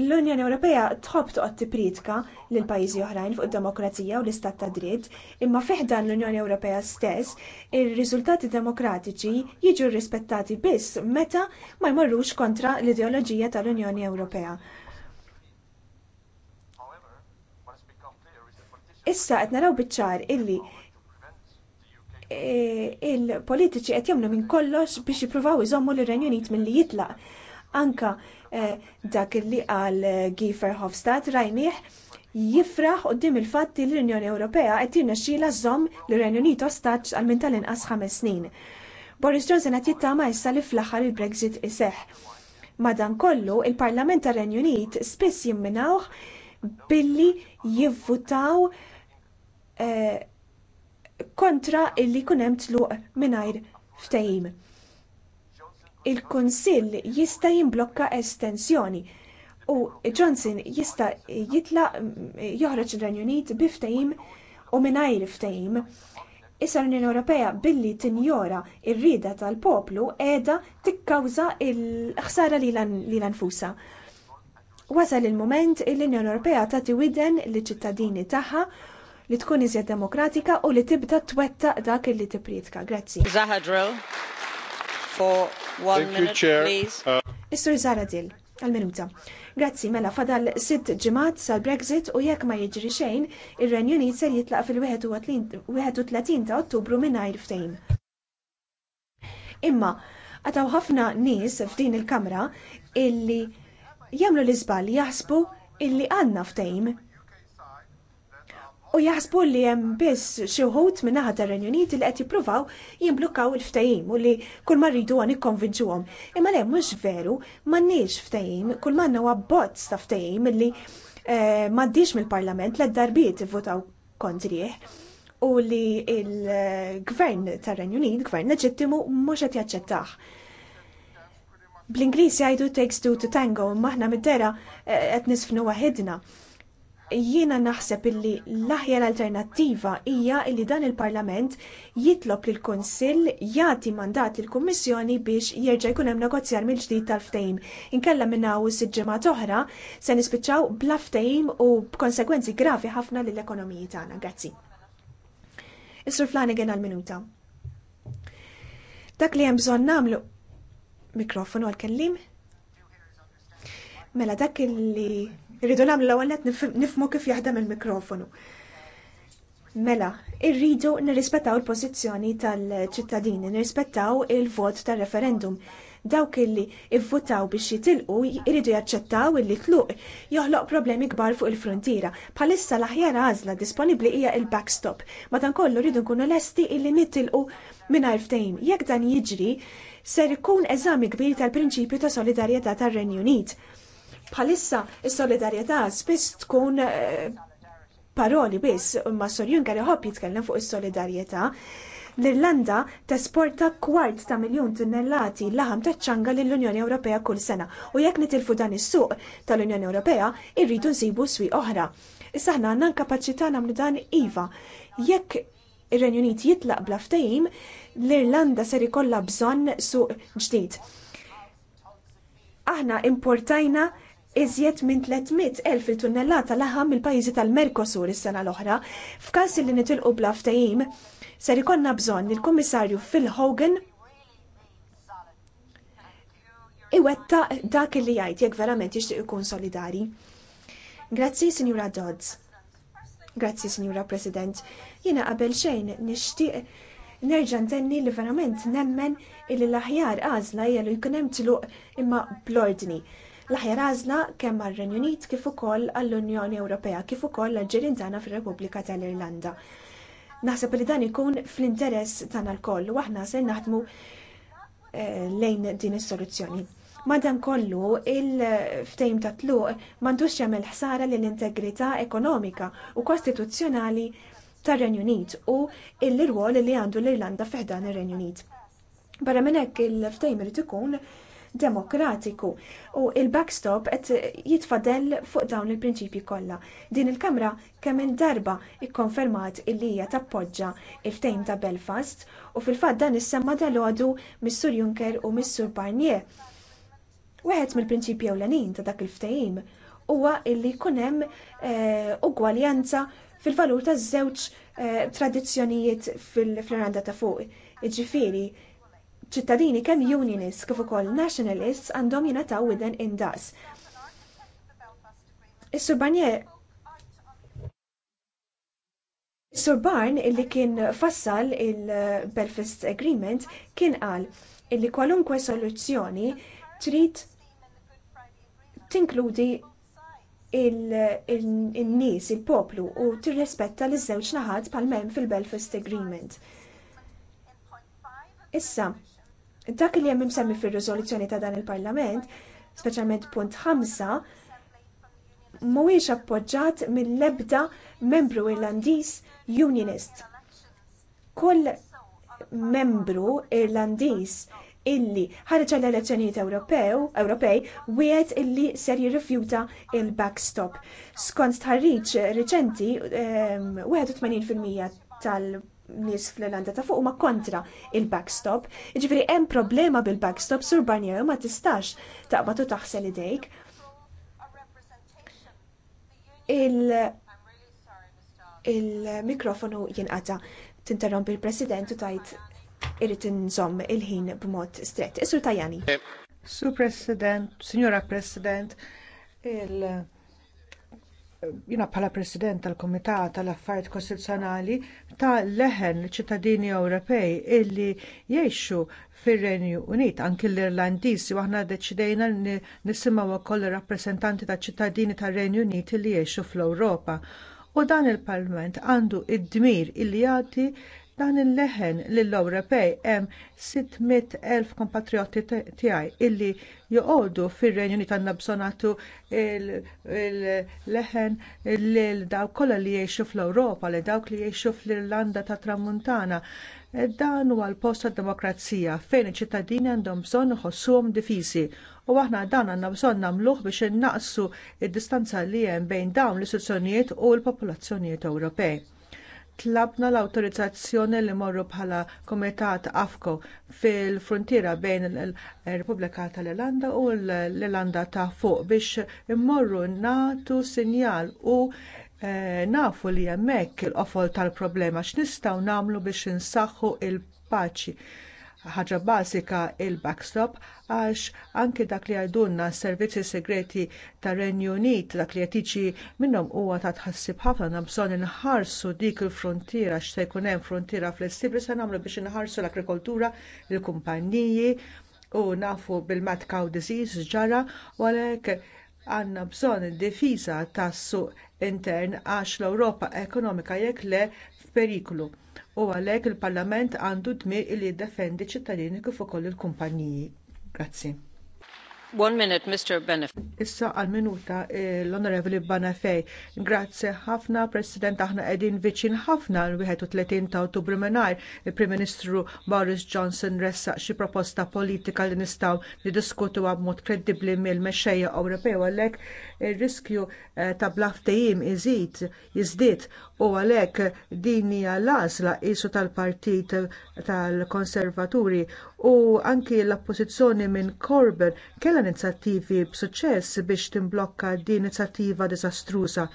L-Unjoni Ewropea tħobb toqgħod tippridika lil pajjiżi oħrajn fuq id-demokrazija u l-istat ta' dritt, imma fih dan l-Unjoni Ewropea stess, ir-riżultati demokratiċi jiġu rrispettati biss meta ma jmorrux kontra l-ideoloġija tal-Unjoni Ewropea. Issa qed naraw biċ-ċar illi Eh, il-politiċi qed jagħmlu minn kollox biex jippruvaw iżommu lir renju Unit milli jitlaq. Anka eh, dak li qal eh, giefer Verhofstadt rajnieh jifraħ qudiem il-fatt li l-Unjoni Ewropea qed tirnexxiela żomm lir renju Unit ostaġġ għal minn tal-inqas ħames snin. Boris Johnson qed jittama issa li fl-aħħar il-Brexit iseħħ. Madankollu, il-Parlament tar renju Unit spiss jimminawh billi jivvutaw eh, kontra illi kunem tluq mingħajr ftehim. Il-Kunsill jista' jimblokka estensjoni u Johnson jista' jitlaq joħroġ ir-Renju Unit bi ftehim u mingħajr ftehim. Issa l-Unjoni Ewropea billi tinjora r rieda tal-poplu qiegħda tikkawża l-ħsara li l-anfusa. Wasal il mument il l-Unjoni Ewropea tagħti widen liċ ċittadini tagħha li tkun iżjed demokratika u li tibda twettaq dak li tipritka. Grazzi. Zahadril, for one minute, please. Uh, Is-Sur Zahadril għal-minuta. Grazzi, mela, fadal sitt ġimat sal-Brexit u jekk ma jiġri xejn, ir-Renju Unit ser jitlaq fil-31 ta' Ottubru minn ftejn. Imma, għataw ħafna nies f'din il-Kamra illi jagħmlu l izbal jaħsbu illi għandna ftejn u jaħsbu li hemm biss xi wħud min naħa tar-Renju Unit li qed jippruvaw jimblukkaw il-ftehim u li kull ma rridu għan ikkonvinċuhom. Imma le mhux veru m'għandniex ftehim, kull ma huwa bozz ta' ftehim li eh, m'għaddix mill-Parlament l darbiet ivvotaw kontrih u li il-gvern tar-Renju Unit, gvern leġittimu mhux qed jaċċettah. Bl-Ingliż jgħidu takes two to tango, imma aħna mid-dera eh, qed nisfnu waħedna jiena naħseb illi l-aħjar alternattiva hija li dan il-Parlament jitlob lil kunsill jagħti mandat lill kummissjoni biex jerġa' jkun hemm negozjar mill-ġdid tal-ftehim. Inkella minn hawn is ġimgħa oħra se nispiċċaw bla ftehim u b'konsegwenzi gravi ħafna lill-ekonomiji tagħna. Grazzi. Is-Sur Flanagan għall minuta Dak li hemm bżonn nagħmlu mikrofonu għal-kellim. Mela dak li Irridu nagħmlu l-ewwel nifmu kif jaħdem il-mikrofonu. Mela, irridu nirrispettaw il-pożizzjoni tal-ċittadini, nirrispettaw il-vot tal-referendum. Dawk illi ivvutaw biex jitilqu jridu jaċċettaw illi tluq joħloq problemi kbar fuq il-frontiera. Bħalissa l-aħjar għażla disponibbli hija il-backstop. Madankollu rridu nkunu lesti illi nitilqu mingħajr ftejn. Jekk dan jiġri, ser ikun eżami kbir tal-prinċipju ta' solidarjetà tar-Renju Unit Bħalissa is-solidarjetà spiss tkun eh, paroli biss, imma Sor Juncker iħobb jitkellem fuq is-solidarjetà. L-Irlanda tesporta kwart ta' miljun tunnellati laħam ta' ċanga lill-Unjoni Ewropea kull sena u jekk nitilfu dan is-suq tal-Unjoni Ewropea irridu nsibu swi oħra. Issa ħna għandna kapaċità nagħmlu dan iva. Jekk ir-Renju Unit jitlaq bla ftehim, l-Irlanda ser ikollha bżonn suq ġdid. Aħna importajna iżjed minn 300,000 il-tunnellata laħa mill-pajjiżi tal-Merkosur is-sena l-oħra. F'każ li nitilqu bla ftehim, ser ikonna bżonn il-Kummissarju Phil Hogan iwetta dak li jgħid jekk verament jixtieq ikun solidari. Grazzi, Sinjura Dodds. Grazzi, Sinjura President. Jiena qabel xejn nixtieq nerġa' ntenni li verament nemmen il l-aħjar għażla hija jkun hemm tluq imma blordni l-aħjar għażla kemm għar-Renju Unit kif ukoll għall-Unjoni Ewropea kif ukoll għall-ġirien tagħna fir-Repubblika tal-Irlanda. Naħseb li dan ikun fl-interess tagħna lkoll u aħna se naħdmu eh, lejn din is-soluzzjoni. Madankollu il-ftejm ta' tluq m'għandux jagħmel ħsara lill integrità ekonomika u kostituzzjonali tar-Renju Unit u l-irwol li għandu l-Irlanda fiħdan ir-Renju Unit. Barra minn hekk il-ftejm irid ikun demokratiku u il-backstop qed jitfadel fuq dawn il-prinċipji kollha. Din il-Kamra kemm il-darba ikkonfermat illi hija tappoġġa il-ftehim ta' Belfast u fil-fatt dan issemma dalgħodu mis-Sur Juncker u mis-Sur Barnier. Wieħed mill-prinċipji ewlenin ta' dak il-ftehim huwa illi jkun hemm eh, ugwaljanza fil-valur taż-żewġ eh, tradizzjonijiet fil-Irlanda ta' fuq. Ġifieri, ċittadini kemm unionists kif ukoll nationalists għandhom jingħataw widen indaqs. Is-Sur Sur Barn illi kien fassal il-Belfast Agreement kien qal illi kwalunkwe soluzzjoni trid tinkludi il-nies, il-poplu u tirrispetta l żewġ naħat pal-mem fil-Belfast Agreement. Issa, Dak li jemmim semmi fir-riżoluzzjoni ta' dan il-Parlament, speċjalment punt 5, mhuwiex appoġġat mill-ebda membru Irlandiż Unionist. Kull membru Irlandiż illi ħareġ għall elezzjonijiet Ewropew, Ewropej, wiet illi ser jirrifjuta il-backstop. Skont tħarriġ riċenti, 81% ehm, tal nies fl-Irlanda ta' fuq ma kontra il-backstop. Jiġifieri hemm problema bil-backstop sur Barnier ma tistax taqbad u taħsel idejk. Il-mikrofonu jinqata' tinterrompi il-President u tajt irrit inżomm il-ħin b'mod strett. Isur Tajani. Sur President, Signora President, il- jina bħala President tal-Komitat tal-Affarijiet Kostituzzjonali ta' leħen ċittadini Ewropej illi jgħixu fir-Renju Unit, anki l-Irlandiżi, u aħna deċidejna nisimgħu wkoll ir-rappreżentanti ta' ċittadini tar-Renju Unit illi jgħixu fl-Ewropa. U dan il-Parlament għandu id-dmir illi jagħti Dan il-leħen lill-Ewropej hemm 600,000 kompatrioti tiegħi illi joqogħdu fir-Renju Unit għandna bżonatu il-leħen lil dawk kollha li jgħixu fl-Ewropa, li dawk li jgħixu fl-Irlanda tat Tramuntana. Dan huwa l-post tad-demokrazija fejn iċ-ċittadini għandhom bżonn iħossuhom difiżi u aħna dan għandna bżonn nagħmluh biex innaqsu d distanza li hemm bejn dawn l-istituzzjonijiet u l-popolazzjonijiet Ewropej tlabna l-awtorizzazzjoni li morru bħala Kumitat AFCO fil-frontiera bejn il-Repubblika tal-Irlanda u l-Irlanda ta' fuq biex immorru nagħtu sinjal u eh, nafu li hemmhekk il-qofol tal-problema x'nistgħu nagħmlu biex insaħħu l paċi ħaġa bażika l backstop għax anke dak li għajdunna s servizzi segreti tar Renju Unit dak li jtiġi minnhom huwa ta' tħassib ħafna na bżonn inħarsu dik il-frontiera x'se jkun hemm frontiera flessibbli se nagħmlu biex inħarsu l-agrikoltura, il-kumpanniji u nafu bil-mad cow disease ġara u għalhekk għandna bżonn id-difiża tas-suq intern għax l-Ewropa ekonomika jekk le f'periklu u għalhekk il-Parlament għandu dmir li jiddefendi ċ-ċittadini kif ukoll il-kumpaniji. Grazzi. One minute, Mr. Benefej. Issa għal minuta eh, l-Onorevoli Banafej, Grazzi ħafna, President, aħna qegħdin viċin ħafna l-31 ta' Ottubru mingħajr il-Prim Ministru Boris Johnson ressaq xi proposta politika li nistgħu niddiskutuha mod kredibbli mill-mexxejja Ewropew għalhekk ir-riskju eh, ta' blaftejim iżid jiżdied u għalhekk din hija l-għażla qisu tal-Partit tal-Konservaturi u anki l-oppożizzjoni minn Corbyn kellha inizjattivi b'suċċess biex timblokka din inizjattiva diżastruża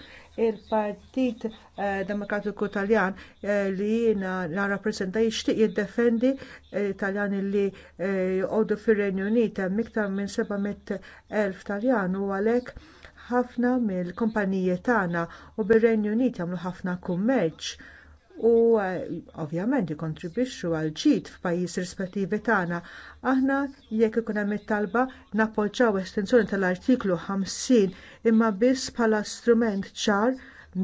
il-Partit eh, Demokratiku Taljan eh, li jien narrappreżenta jixtieq jiddefendi eh, Taljan li jgħodu fir-Renju Unit hemm iktar minn 700,000 Taljan u għalhekk ħafna mill-kumpaniji tagħna u bir-Renju Unit jagħmlu ħafna kummerċ u eh, ovvjament ikontribwixxu għal ġid f'pajjiż rispettivi tagħna. Aħna jekk ikun hemm it-talba nappoġġjaw estensjoni tal-artiklu 50 imma biss bħala strument ċar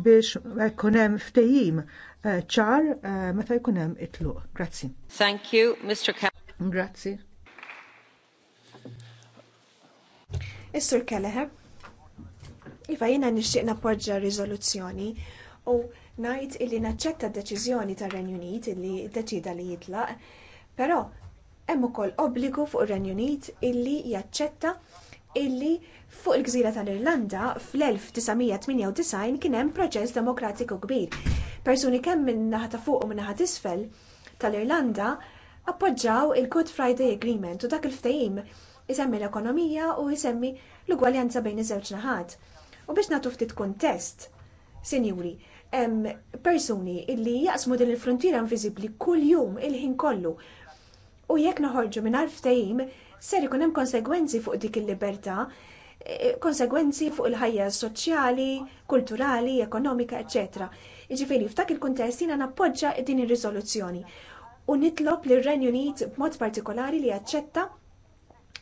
biex ikun hemm ftehim eh, ċar eh, meta jkun hemm it-tluq. Grazzi. Thank you, Mr. Grazzi. Is-Sur Kelleher, iva jiena nixtieq nappoġġja riżoluzzjoni u ngħid illi naċċetta d-deċiżjoni tar-Renju Unit illi ddeċida li jitlaq, però hemm ukoll obbligu fuq ir-Renju Unit illi jaċċetta illi fuq il-Gżira tal-Irlanda fl-1998 kien hemm proċess demokratiku kbir. Persuni kemm min naħa ta' fuq u min naħa isfel tal-Irlanda appoġġjaw il-Good Friday Agreement u dak il-ftehim isemmi l-ekonomija u jsemmi l-ugwaljanza bejn iż-żewġ naħat. U biex nagħtu ftit kuntest, sinjuri, hemm persuni illi jaqsmu din il-frontiera inviżibbli kuljum il-ħin kollu. U jekk noħorġu mingħajr ftehim ser ikun hemm konsegwenzi fuq dik il-libertà, eh, konsegwenzi fuq il-ħajja soċjali, kulturali, ekonomika, ecc. Jiġifieri f'dak il-kuntest jiena nappoġġa din ir-riżoluzzjoni u nitlob lir renju Unit b'mod partikolari li jaċċetta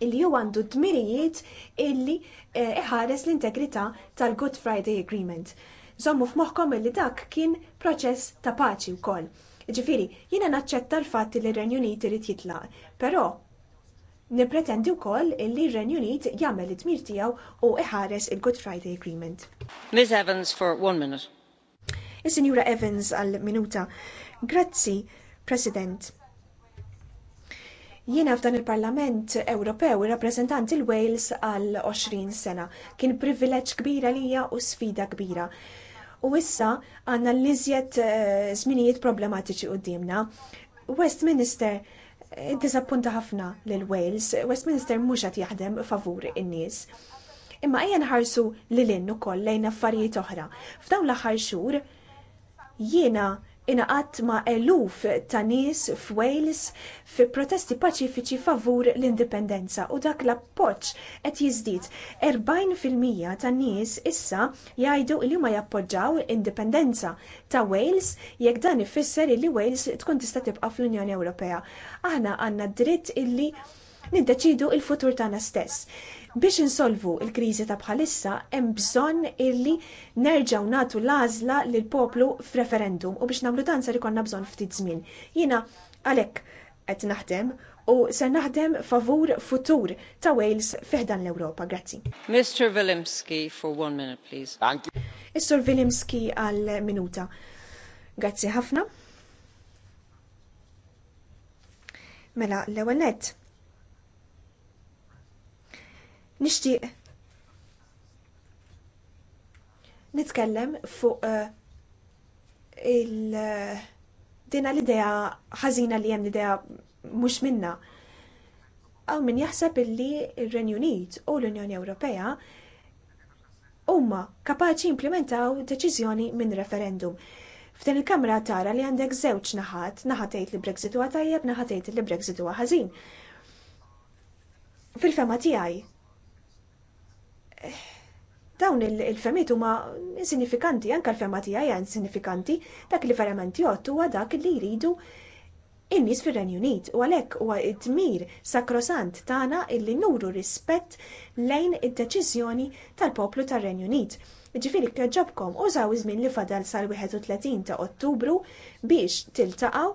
illi huwa għandu dmirijiet illi eh, iħares l-integrità tal-Good Friday Agreement. Żommu f'moħħkom li dak kien proċess ta' paċi wkoll. Ġifiri, jiena naċċetta l-fatt li r-Renju Unit irid jitlaq, però nippretendi wkoll li r-Renju Unit jagħmel it-tmir tiegħu u iħares il-Good Friday Agreement. Ms Evans for one minute. Is-Sinjura Evans għal minuta. Grazzi, President. Jiena f'dan il-Parlament Ewropew rappresentant il-Wales għal 20 sena. Kien privileġġ kbira lija u sfida kbira u issa għandna l-iżjed zminijiet eh, problematiċi dimna. Westminster eh, disappunta ħafna lil Wales, Westminster mhux qed jaħdem favur in-nies. Imma ejja nħarsu l-linnu ukoll lejn affarijiet oħra. F'dawn l-aħħar xhur jiena inaqat ma' eluf ta' nies f'Wales fi protesti paċifiċi favur l-indipendenza u dak l-appoġġ qed jiżdied. 40% tan nies issa jgħidu li ma jappoġġaw l-indipendenza ta' Wales jekk dan ifisser li Wales tkun tista' tibqa' fl-Unjoni Ewropea. Aħna għandna dritt illi niddeċidu il-futur tagħna stess. Biex insolvu l kriżi ta' bħalissa hemm bżonn illi nerġgħu nagħtu l-għażla lil poplu f'referendum u biex nagħmlu dan sar ikollna bżonn ftit żmien. Jiena għalhekk qed naħdem u se naħdem favur futur ta' Wales fiħdan l-Ewropa. Grazzi. Mr. Vilimski for one minute, please. Thank you. Is-Sur Vilimski għal minuta. Grazzi ħafna. Mela, l-ewwel nett Nixtieq nitkellem fuq eh, il dina l-idea ħażina li hemm l-idea mhux minna. Għaw min jaħseb illi ir-Renju Unit u l-Unjoni Ewropea huma kapaċi jimplementaw deċiżjoni minn referendum. F'din il-Kamra tara li għandek żewġ naħat, naħa tgħid li Brexit huwa tajjeb, naħa tgħid li Brexit huwa ħażin. Fil-fema tiegħi, dawn il-femiet huma insinifikanti, anke l-fema tiegħi hija insinifikanti, dak li verament jgħod huwa dak li jridu in-nies fir-Renju Unit u għalhekk huwa id dmir sakrosant tagħna illi nuru rispett lejn id-deċiżjoni tal-poplu tar-Renju Unit. Ġifiri kkeġġobkom użaw iż-żmien li fadal sal-31 ta' Ottubru biex tiltaqgħu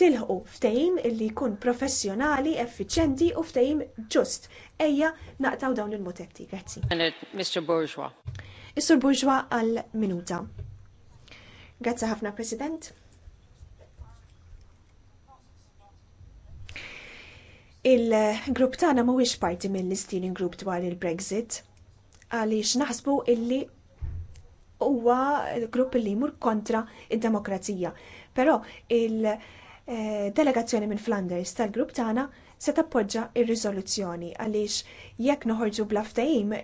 tilħu ftehim illi jkun professjonali, effiċenti u ftehim ġust. Ejja naqtaw dawn il-motetti. Grazzi. Mr. Bourgeois. Is-Sur Bourgeois għal minuta. Grazzi ħafna, President. Il-grupp tagħna mhuwiex parti mill-steering group dwar il-Brexit għaliex naħsbu illi huwa grupp li jmur kontra id-demokrazija. Però il- Eh, delegazzjoni minn Flanders tal-grupp tagħna se tappoġġa ir-riżoluzzjoni għaliex jekk noħorġu bla ftehim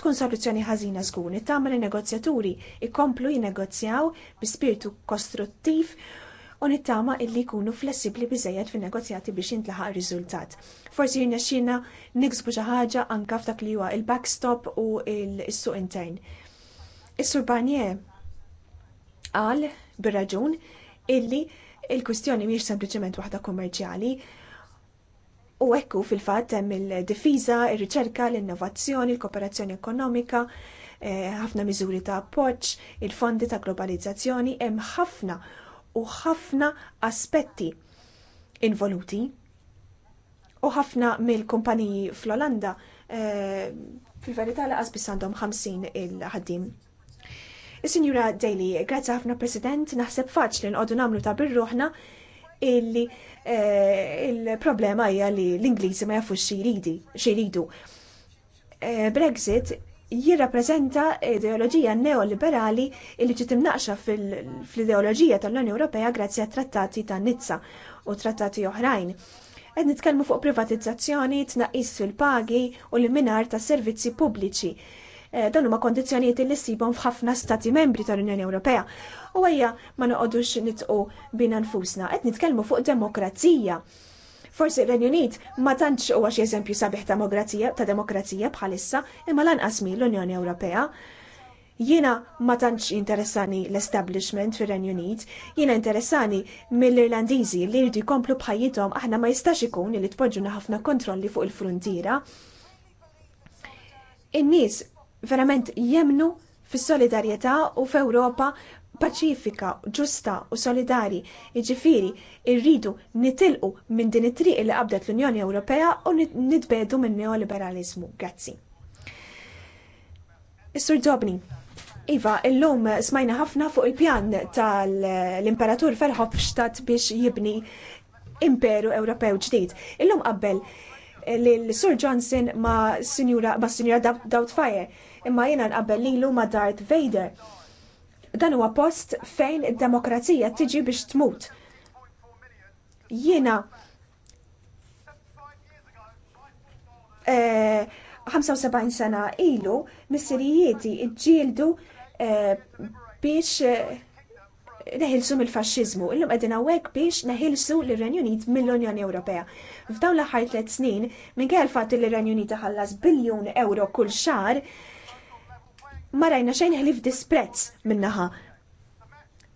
tkun soluzzjoni ħażina żgur nittama negozjaturi jkomplu jinnegozjaw bi spiritu kostruttiv u nittama illi jkunu flessibbli biżejjed fin-negozjati biex jintlaħaq riżultat. Forsi jirnexxina niksbu xi ħaġa anke f'dak li huwa il-backstop u l-suq intern. Is-Sur Barnier qal bir-raġun illi il-kwistjoni mhijiex sempliċement waħda kummerċjali. U ekku fil-fatt hemm il-difiża, ir-riċerka, l-innovazzjoni, il kooperazzjoni ekonomika, eh, ħafna miżuri ta' appoġġ, il-fondi ta' globalizzazzjoni, hemm ħafna u ħafna aspetti involuti. U ħafna mill-kumpaniji fl-Olanda eh, fil-verità laqas biss għandhom 50 il-ħaddim Is-Sinjura Daly, grazzi ħafna President, naħseb faċli nqogħdu nagħmlu ta' birruħna illi eh, il-problema hija li l-Ingliżi ma jafux xiridi, xiridu. Eh, Brexit jirrappreżenta ideoloġija neoliberali illi ġiet imnaqxa fl-ideoloġija tal-Unjoni Ewropea grazzi għat-trattati ta' Nizza u trattati oħrajn. Qed nitkellmu fuq privatizzazzjoni, tnaqqis fil-pagi u l-minar ta' servizzi pubbliċi. Eh, dan huma kondizzjonijiet li ssibhom f'ħafna stati membri tal-Unjoni Ewropea. U għajja ma noqogħdux nitqu bina nfusna, qed nitkellmu fuq demokrazija. Forsi l-Renju Unit ma tantx huwa xi eżempju sabiħ ta' demokrazija ta' demokrazija bħalissa imma lanqas min l-Unjoni Ewropea. Jiena ma tantx interessani l-establishment fir-Renju Unit, jiena interessani mill-Irlandiżi li jridu jkomplu bħajjithom aħna ma jistax ikun li tpoġġuna ħafna kontrolli fuq il-fruntiera. In-nies verament jemnu fis-solidarjetà u f'Ewropa paċifika, ġusta u solidari. Jiġifieri rridu nitilqu minn din it-triq li qabdet l-Unjoni Ewropea u nitbedu minn neoliberaliżmu. Grazzi. Is-Sur Dobni, Iva, illum smajna ħafna fuq il-pjan tal-Imperatur Ferħobstadt biex jibni imperu Ewropew ġdid. Illum qabel l-Sur Johnson ma' Sinjura ma' Sinjura Doubtfire imma jiena nqabbel lilu ma' Darth Vader. Dan huwa post fejn id-demokrazija tiġi biex tmut. Jiena 75 eh, sena ilu missirijieti ġildu eh, biex eh, neħilsu mill-fasċiżmu, illum qegħdin għawek biex neħilsu lir-Renju Unit mill-Unjoni Ewropea. F'dawn l-aħħar tliet snin, minn l-fatt li r-Renju Unit ħallas biljun euro kull xar, ma rajna xejn ħlif disprezz min-naħa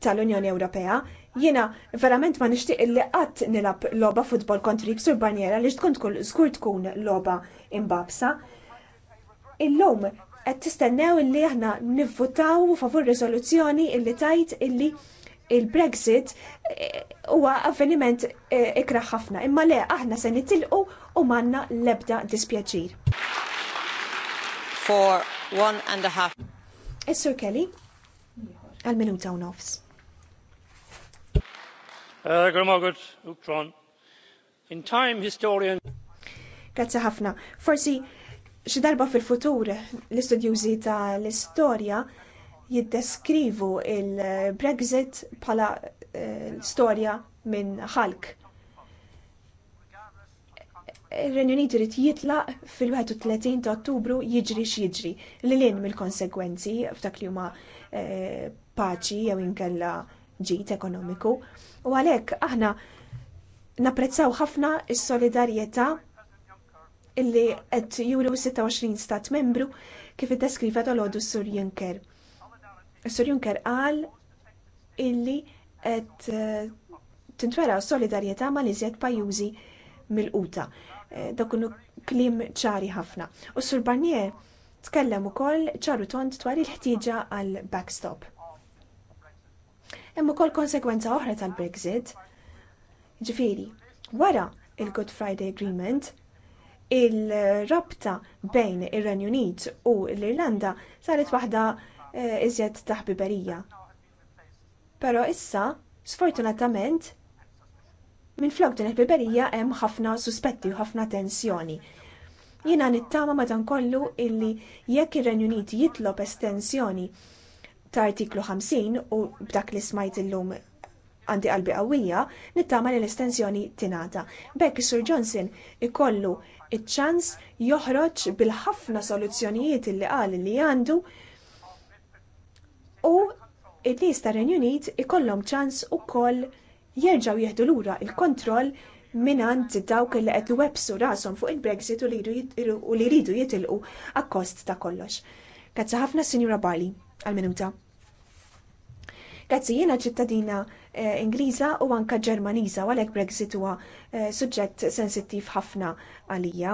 tal-Unjoni Ewropea. Jiena verament ma nixtieq li qatt nilab logħba futbol kontri Sur banjera li tkun skur tkun logħba imbabsa. Illum qed tistennew illi aħna nivvutaw favur riżoluzzjoni illi tajt illi il-Brexit eh, huwa avveniment eh, ikraħ ħafna, imma le aħna se nitilqu u manna lebda dispjaċir. For one and a half. Is-Sur Kelly, għal minuta u nofs. Eh, Grazie ħafna. Forsi Xi darba fil-futur l-istudjużi tal-istorja jiddeskrivu il-Brexit bħala eh, storja minn ħalk. Ir-Renju Unit irid jitlaq fil-31 ta' Ottubru jiġri x'jiġri li lin mill-konsegwenzi f'dak li huma eh, paċi jew inkella ġid ekonomiku u għalhekk aħna napprezzaw ħafna s-solidarjetà illi qed juru 26 stat membru kif iddeskriva tal għodu Sur Juncker. Sur Juncker qal illi qed eh, tintwera solidarjetà ma' iżjed pajjużi mil quta eh, Dokun klim ċari ħafna. U Sur Barnier tkellem ukoll ċaru tont dwar il-ħtieġa għal backstop. Hemm ukoll konsekwenza oħra tal-Brexit. Ġifieri, wara il-Good Friday Agreement, il-rabta bejn ir-Renju Unit u l-Irlanda saret waħda eh, iżjed taħbiberija. Però issa, sfortunatament, minflok din il-ħbiberija hemm ħafna suspetti u ħafna tensjoni. Jiena nittama madankollu illi jekk ir-Renju Unit jitlob estensjoni ta' artiklu 50 u b'dak li smajt illum għandi qalbi qawwija, nittama li l-estensjoni tingħata. Bekk is-Sur Johnson ikollu ċ ċans joħroġ bil-ħafna soluzzjonijiet li qal li għandu u id-nies ta' Unit ikollhom ċans ukoll jerġgħu jieħdu lura l kontroll minant dawk li qed websu rashom fuq il-Brexit u li jridu jitilqu akkost ta' kollox. Grazzi ħafna Sinjura Bali għal-minuta. Grazzi jiena ċittadina eh, Ingliża u anka Ġermaniża u għalhekk Brexit huwa eh, suġġett sensittiv ħafna għalija.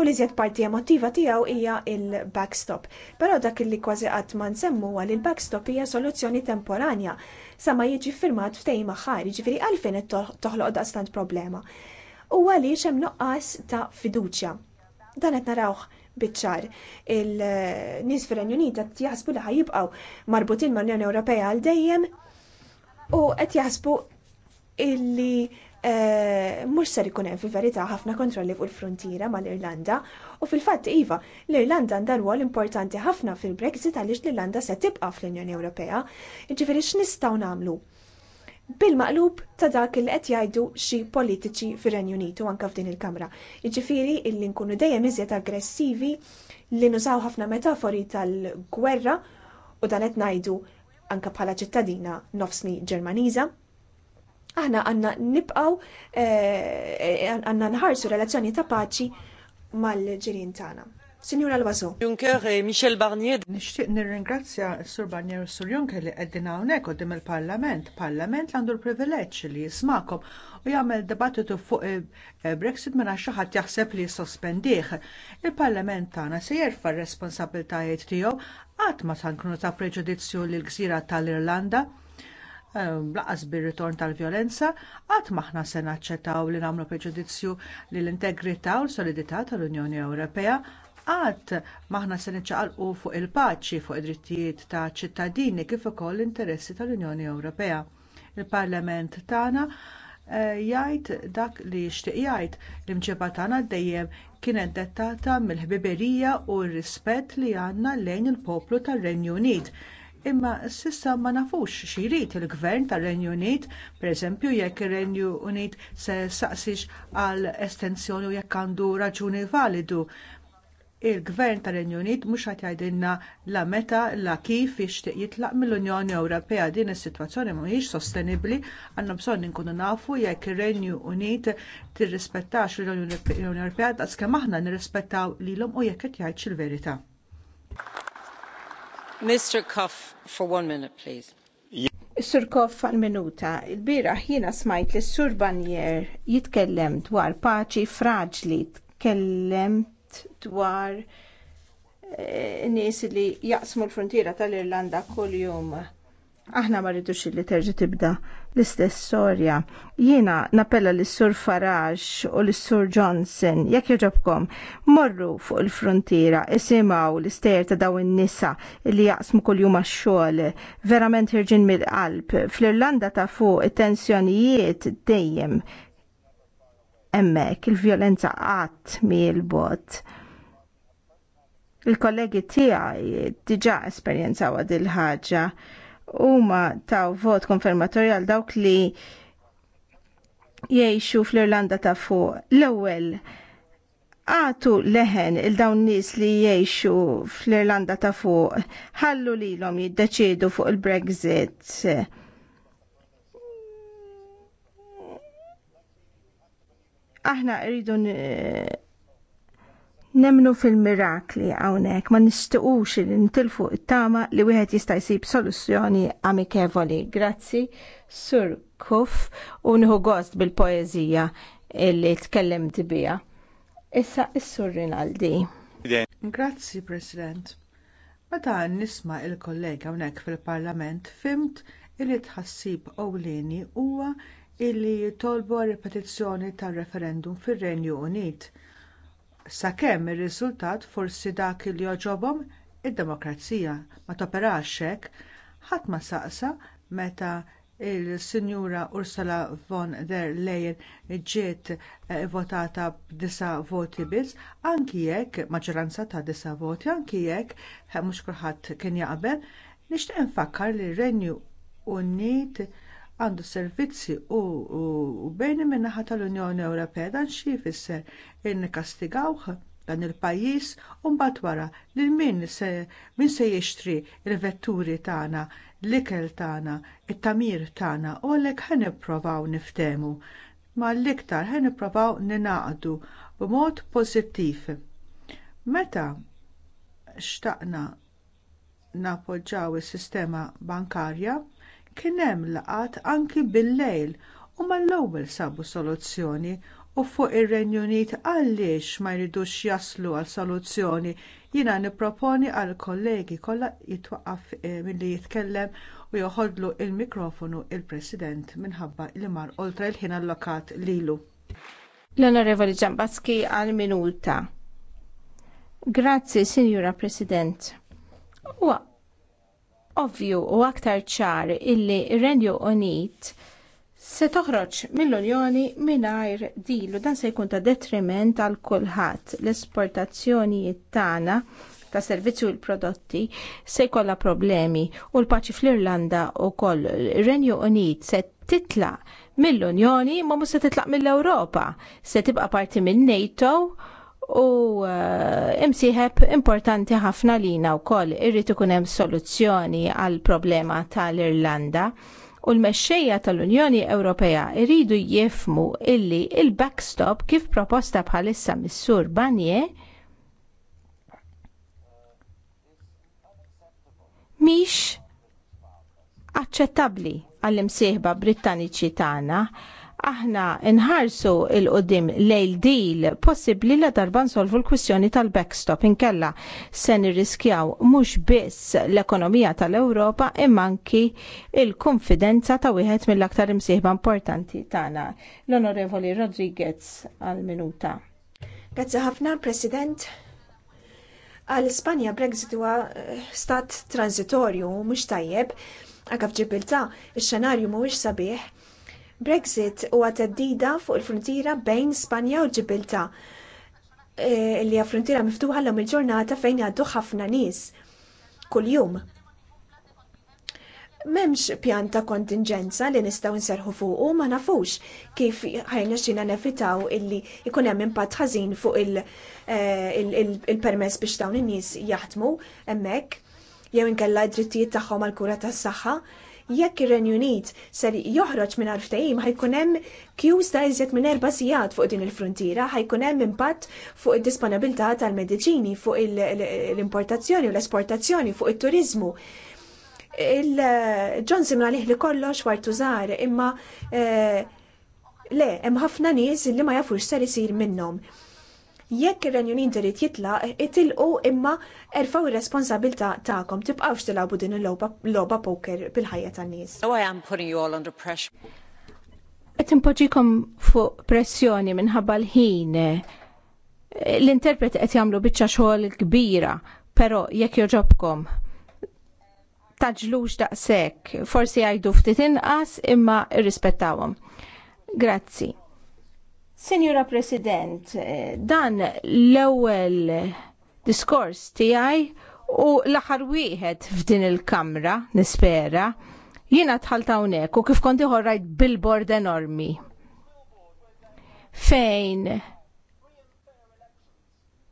U li żjed parti emotiva tiegħu hija il-backstop. Però dak li kważi qatt ma nsemmu huwa li l-backstop hija soluzzjoni temporanja sa ma jiġi firmat ftehim aħħar, jiġifieri għalfejn qed toħloq daqstant problema. U għaliex hemm noqqas ta' fiduċja. Dan qed narawh biċ-ċar. Il-nies fir-Renju Unit qed jaħsbu li ħajibqgħu marbutin mal-Unjoni Ewropea għal dejjem u qed jaħsbu illi eh, mhux ser ikun hemm fil-verità ħafna kontrolli fuq il-frontiera mal-Irlanda u fil-fatt iva l-Irlanda għandha rwol importanti ħafna fil-Brexit għaliex l-Irlanda se tibqa' fl-Unjoni Ewropea. Jiġifieri x'nistgħu nagħmlu? bil-maqlub ta' dak il qed jgħidu xi politiċi fir-Renju Unitu anke f'din il-Kamra. Jiġifieri illi nkunu dejjem iżjed aggressivi li nużaw ħafna metafori tal-gwerra u dan qed ngħidu anke bħala ċittadina nofsni Ġermaniża. Aħna għandna nibqgħu eh, eh, għandna nħarsu relazzjoni ta' paċi mal-ġirien tagħna. Signora Alvaso. Juncker e Michel Barnier. Nixtieq nirringrazzja s-Sur Barnier u s-Sur Juncker li qegħdin hawnhekk dim il-Parlament. Parlament għandu l privileċ li jismakom u jagħmel dibattitu fuq e, e, Brexit minna xi ħadd jaħseb li jissospendieh. Il-Parlament tagħna se jerfa' r-responsabbiltajiet tiegħu qatt ma tankunu ta' preġudizzju l gżira tal-Irlanda e, laqas bir-ritorn tal-vjolenza, għat maħna se naċċettaw li nagħmlu preġudizzju lill integrità u l-solidità tal-Unjoni Ewropea għad maħna se niċċaqalqu fuq il-paċi fuq id-drittijiet ta' ċittadini kif ukoll l-interessi tal-Unjoni Ewropea. Il-Parlament tagħna eh, jgħid dak li jixtieq jgħid l-imġiba tagħna dejjem kienet dettata mill-ħbiberija u r-rispett li għandna lejn il-poplu tar-Renju Unit. Imma s'issa ma nafux x'jrid il-gvern tar-Renju Unit, pereżempju jekk ir-Renju Unit se saqsix għal estensjoni u jekk għandu raġuni validu il-Gvern tal-Renju Unit mhux qed jgħidilna la meta la kif jixtieq jitlaq mill-Unjoni Ewropea din is-sitwazzjoni mhijiex sostenibbli għandna bżonn inkunu nafu jekk ir-Renju Unit tirrispettax l-Unjoni Ewropea skemm aħna nirrispettaw lilhom u jekk qed jgħid il-verità. Mr. Koff, for one minute, please. sur Koff għal-minuta, il-biraħ jiena smajt li s-Sur Banjer jitkellem dwar paċi fraġli, tkellem dwar eh, nies li jaqsmu l-frontiera tal-Irlanda kuljum. Aħna ma rridux li terġa tibda l-istess storja. Jiena nappella l sur Faraj u l sur Johnson, jekk joġobkom, morru fuq il-frontiera, isimaw l-ister ta' daw in-nisa li jaqsmu kuljum għax-xogħol, verament ħirġin mill-qalb. Fl-Irlanda ta' fuq it-tensjonijiet dejjem emmek, il-violenza għat mi l-bot. Il-kollegi tijaj diġa esperienza għad il-ħagġa u ma taw vot konfermatorja għal dawk li jiexu fl-Irlanda ta' fuq. L-ewel, għatu leħen il-dawn nis li jiexu fl-Irlanda ta' fuq, ħallu li l-om jiddeċidu fuq il-Brexit aħna rridu nemnu fil-mirakli hawnhekk ma nistuqux il nitilfu it-tama li wieħed jista' jsib soluzzjoni amikevoli. Grazzi, Sur Kuf, u nħu gost bil-poeżija li tkellimt biha. Issa is-Sur Rinaldi. Grazzi, President. Meta nisma' il-kollega hawnhekk fil-Parlament fimt li tħassib ewlieni huwa illi jitolbu ripetizzjoni tar-referendum fir-Renju Unit sakemm ir-riżultat forsi dak li jogħġobhom id-demokrazija ma toperax hekk ħadd ma saqsa meta l sinjura Ursula von der Leyen ġiet eh, votata b'disa voti biss, anki jekk maġġoranza ta' disa voti, anki jekk eh, mhux kulħadd kien jaqbel, nixtieq infakkar li r-Renju Unit għandu servizzi u, u, u bejni min-naħa tal-Unjoni Ewropea dan xi jfisser in-kastigawħ dan il-pajjiż u mbagħad wara lil min se min se jixtri l vetturi tagħna, l-ikel tagħna, it-tamir tagħna u għalhekk ħa nipprovaw niftehmu. Ma l-iktar ħa nipprovaw ninaqdu b'mod pożittiv. Meta xtaqna nappoġġjaw is-sistema bankarja, Kien hemm laqat anki bil-lejl u mal-ewwel sabu soluzzjoni u fuq ir-Renju Unit għaliex ma jridux jaslu għal soluzzjoni jiena nipproponi għall kollegi kollha jitwaqqaf eh, milli jitkellem u joħodlu l mikrofonu il-President minħabba li mar oltre l-ħin allokat lilu. L-Onorevoli Ġambatski għal minuta. Grazzi, Sinjura President. Huwa ovvju u aktar ċar illi Renju Unit se toħroġ mill-Unjoni mingħajr dilu dan se jkun ta' detriment għal kulħadd l-esportazzjonijiet tagħna ta' servizzi u l-prodotti se jkollha problemi u l-paċi fl-Irlanda wkoll ir-Renju Unit se titlaq mill-Unjoni ma mhux se titlaq mill-Ewropa se tibqa' parti minn NATO u eh, imsiħeb importanti ħafna lina wkoll irrid ikun hemm soluzzjoni għal problema tal-Irlanda u l-mexxejja tal-Unjoni Ewropea jridu jifmu illi l il backstop kif proposta bħalissa Missur Banje. Barnier mhix aċċettabbli għall-imsieħba Brittaniċi tagħna aħna nħarsu il-qoddim lejl dil possibbli la darba nsolvu l-kwistjoni tal-backstop inkella se nirriskjaw mhux biss l-ekonomija tal-Ewropa imma anki il-konfidenza ta' wieħed mill-aktar imsieħba importanti tagħna. L-Onorevoli Rodriguez għal-minuta. Grazzi ħafna, President. Għal spanja Brexit huwa eh, stat transitorju mhux tajjeb, għakaf ġibilta, ix-xenarju mhuwiex sabiħ Brexit huwa teddida fuq il-frontiera bejn Spanja u Ġibilta eh, li hija miftuħa l il-ġurnata fejn għaddu ħafna nies kuljum. M'hemmx pjan ta' kontingenza li nistgħu nserħu fuqu ma nafux kif ħajna xina nevitaw illi jkun hemm impatt ħażin fuq eh, il-permess biex dawn in-nies jaħdmu hemmhekk jew inkella d-drittijiet tagħhom għall kura tas-saħħa jekk ir-Renju Unit ser joħroġ minn ftehim ħajkun hemm kjuż ta' iżjed minn erba' sigħat fuq din il-frontiera, ħajkun hemm impatt fuq id-disponibilità tal-mediċini, fuq l-importazzjoni u l-esportazzjoni, fuq it-turiżmu il simna liħ li kollox wartu żgħar, imma eh, le, hemm ħafna nies li ma jafux ser isir minnhom jekk ir-Renju trid jitlaq itilqu imma erfaw ir responsabilta tagħkom tibqgħux tilgħu din il-logħba poker bil-ħajja tan-nies. Oh, I am putting you all under pressure. Qed impoġġikom fuq pressjoni minħabba l-ħin. L-interpreti qed jagħmlu biċċa xogħol kbira, però jekk joġobkom taġlux daqshekk, forsi jgħidu ftit inqas imma rrispettawhom. Grazzi. Senjura President, eh, dan l-ewwel diskors tiegħi u l-aħħar wieħed f'din il-kamra nispera jiena tħalta hawnhekk u kif kont bil-bord enormi fejn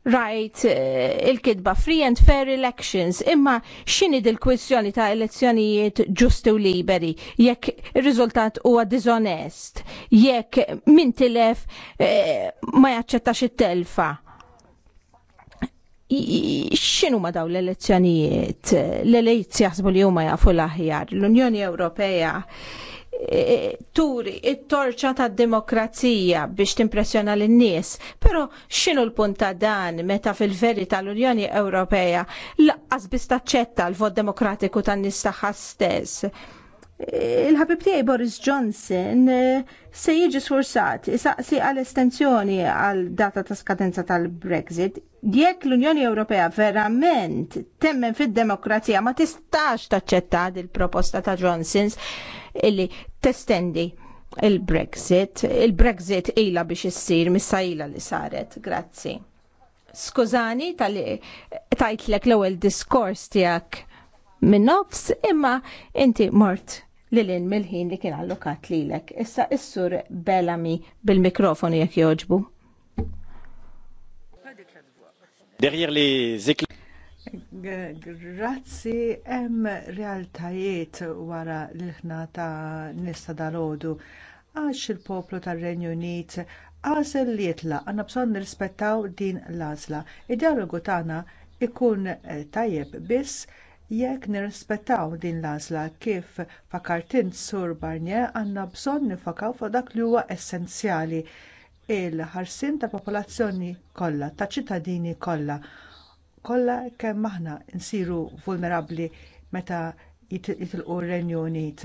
rajt eh, il-kidba free and fair elections imma xini dil-kwissjoni ta' elezzjonijiet ġusti u liberi jekk il-riżultat huwa dizonest jekk min tilef eh, ma jaċċettax it-telfa xinu ma daw l-elezzjonijiet l elezzjonijiet jaħsbu li huma jafu l-aħjar l-Unjoni Ewropea turi it-torċa tad demokrazija biex timpressjona lin-nies, però x'inhu l-punt ta' dan meta fil veri l-Unjoni Ewropea laqqas biss taċċetta l-vot demokratiku tan-nies tagħha stess il-ħabib tiegħi Boris Johnson eh, se jiġi sforzat isaqsi għal estensjoni għal data ta' skadenza tal-Brexit. Jekk l-Unjoni Ewropea verament temmen fid-demokrazija ma tistax taċċetta il proposta ta' Johnson illi testendi il-Brexit. Il-Brexit ila biex issir missa ila li saret. Grazzi. Skużani tal-tajtlek l-ewwel diskors tiegħek minn nofs imma inti mort lilin mill-ħin li kien allokat lilek. Issa issur Bellami bil mikrofoni jekk joġbu. Derrière les éclats. Grazzi, hemm realtajiet wara l-ħna ta' nista dal-ħodu. Għax il-poplu tar-Renju Unit għażel li jitla, għanna bżonn nirrispettaw din l-għażla. Id-dialogu tagħna ikun eh, tajjeb biss jekk nirrispettaw din l-għażla kif fakartint sur Barnier għandna bżonn nifakaw fuq dak li huwa essenzjali il ħarsien tal popolazzjoni kollha, taċ ċittadini kollha. Kollha kemm aħna nsiru vulnerabbli meta jitilqu r-Renju Unit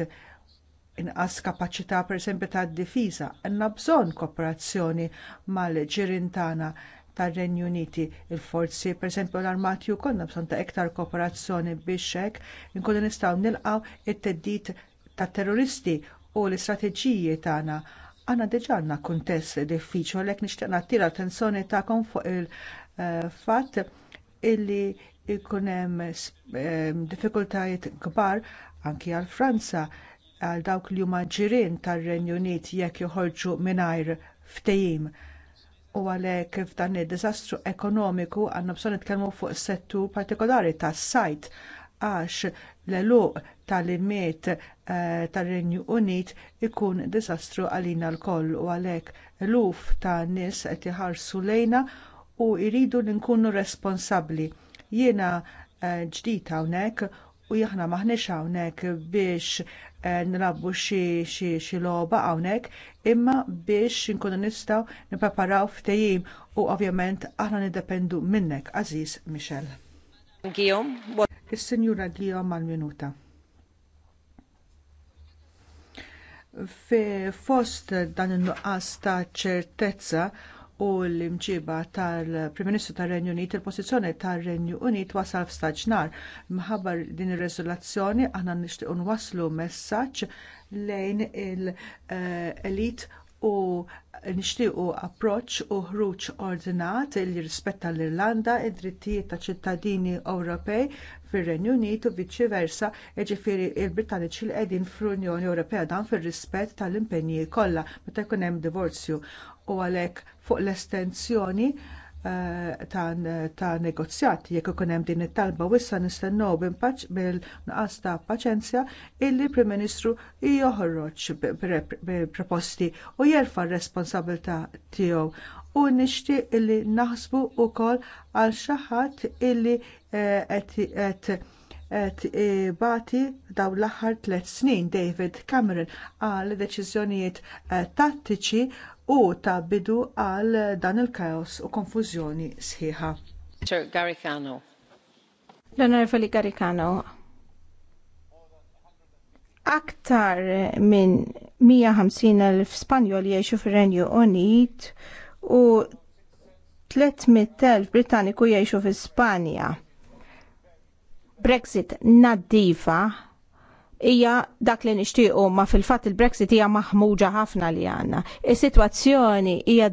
inqas kapaċità pereżempju tad-difiża, għandna bżonn kooperazzjoni mal-ġirien tagħna tar-Renju Uniti. Il-forzi, pereżempju l-armati wkoll bżonn ta' iktar kooperazzjoni biex hekk inkunu nistgħu nilqgħu it-teddid tat terroristi u l-istrateġiji tagħna. Aħna diġà għandna kuntest diffiċli għalhekk nixtieq nagħti l-attenzjoni tagħkom fuq il-fatt eh, illi jkun hemm eh, diffikultajiet kbar anki għal Franza għal dawk li huma ġirien tar-Renju Unit jekk joħorġu mingħajr ftehim u għalhekk f'dan id-diżastru ekonomiku għandna bżonn nitkellmu fuq settur partikolari tas-sajt għax l-eluq tal-imiet eh, tar-Renju Unit ikun diżastru għalina lkoll u għalhekk eluf ta' nies qed iħarsu lejna u jridu li nkunu responsabbli. Jiena eh, ġdid hawnhekk u jahna maħniex hawnhekk biex eh, nrabbu xi logħba hawnhekk imma biex inkunu nistgħu nippreparaw ftehim u ovvjament aħna niddependu minnek Aziz Michel. Is-Sinjura Gijom mal-minuta. Fi fost dan in-nuqqas ta' ċertezza u l-imġiba tal-Prim Ministru tar-Renju Unit il-pożizzjoni tar-Renju Unit wasal f'staġnar. Mħabba din ir-reżolazzjoni aħna nixtiequ nwasslu messaġġ lejn il-elit u nixtiequ approċċ u ħruġ ordinat li jirrispetta l-Irlanda id-drittijiet ta' ċittadini Ewropej fir-Renju Unit u viċi versa, jiġifieri l britanniċi li qegħdin fl-Unjoni Ewropea dan fir-rispett tal-impenji kollha meta jkun hemm divorzju u għalhekk fuq l-estensjoni eh, ta' negozjat jekk ikun hemm din it-talba wissa nistennew bil-nqas ta' paċenzja illi prim Ministru joħroġ proposti u jerfa' r-responsabilità tiegħu u nixtieq illi naħsbu wkoll għal xi ħadd illi eh, qed bati daw l-aħħar tliet snin David Cameron għal deċiżjonijiet eh, tattiċi u ta' bidu għal dan il-kaos u konfużjoni sħiħa. Sir Garicano. L-Onorevoli Garicano. Aktar minn 150.000 Spanjol jiexu fir-Renju Unit u 300.000 Britanniku jiexu fi Spanja. Brexit naddiva hija dak li nixtiequ ma fil-fatt il-Brexit hija maħmuġa ħafna li għandna. Is-sitwazzjoni hija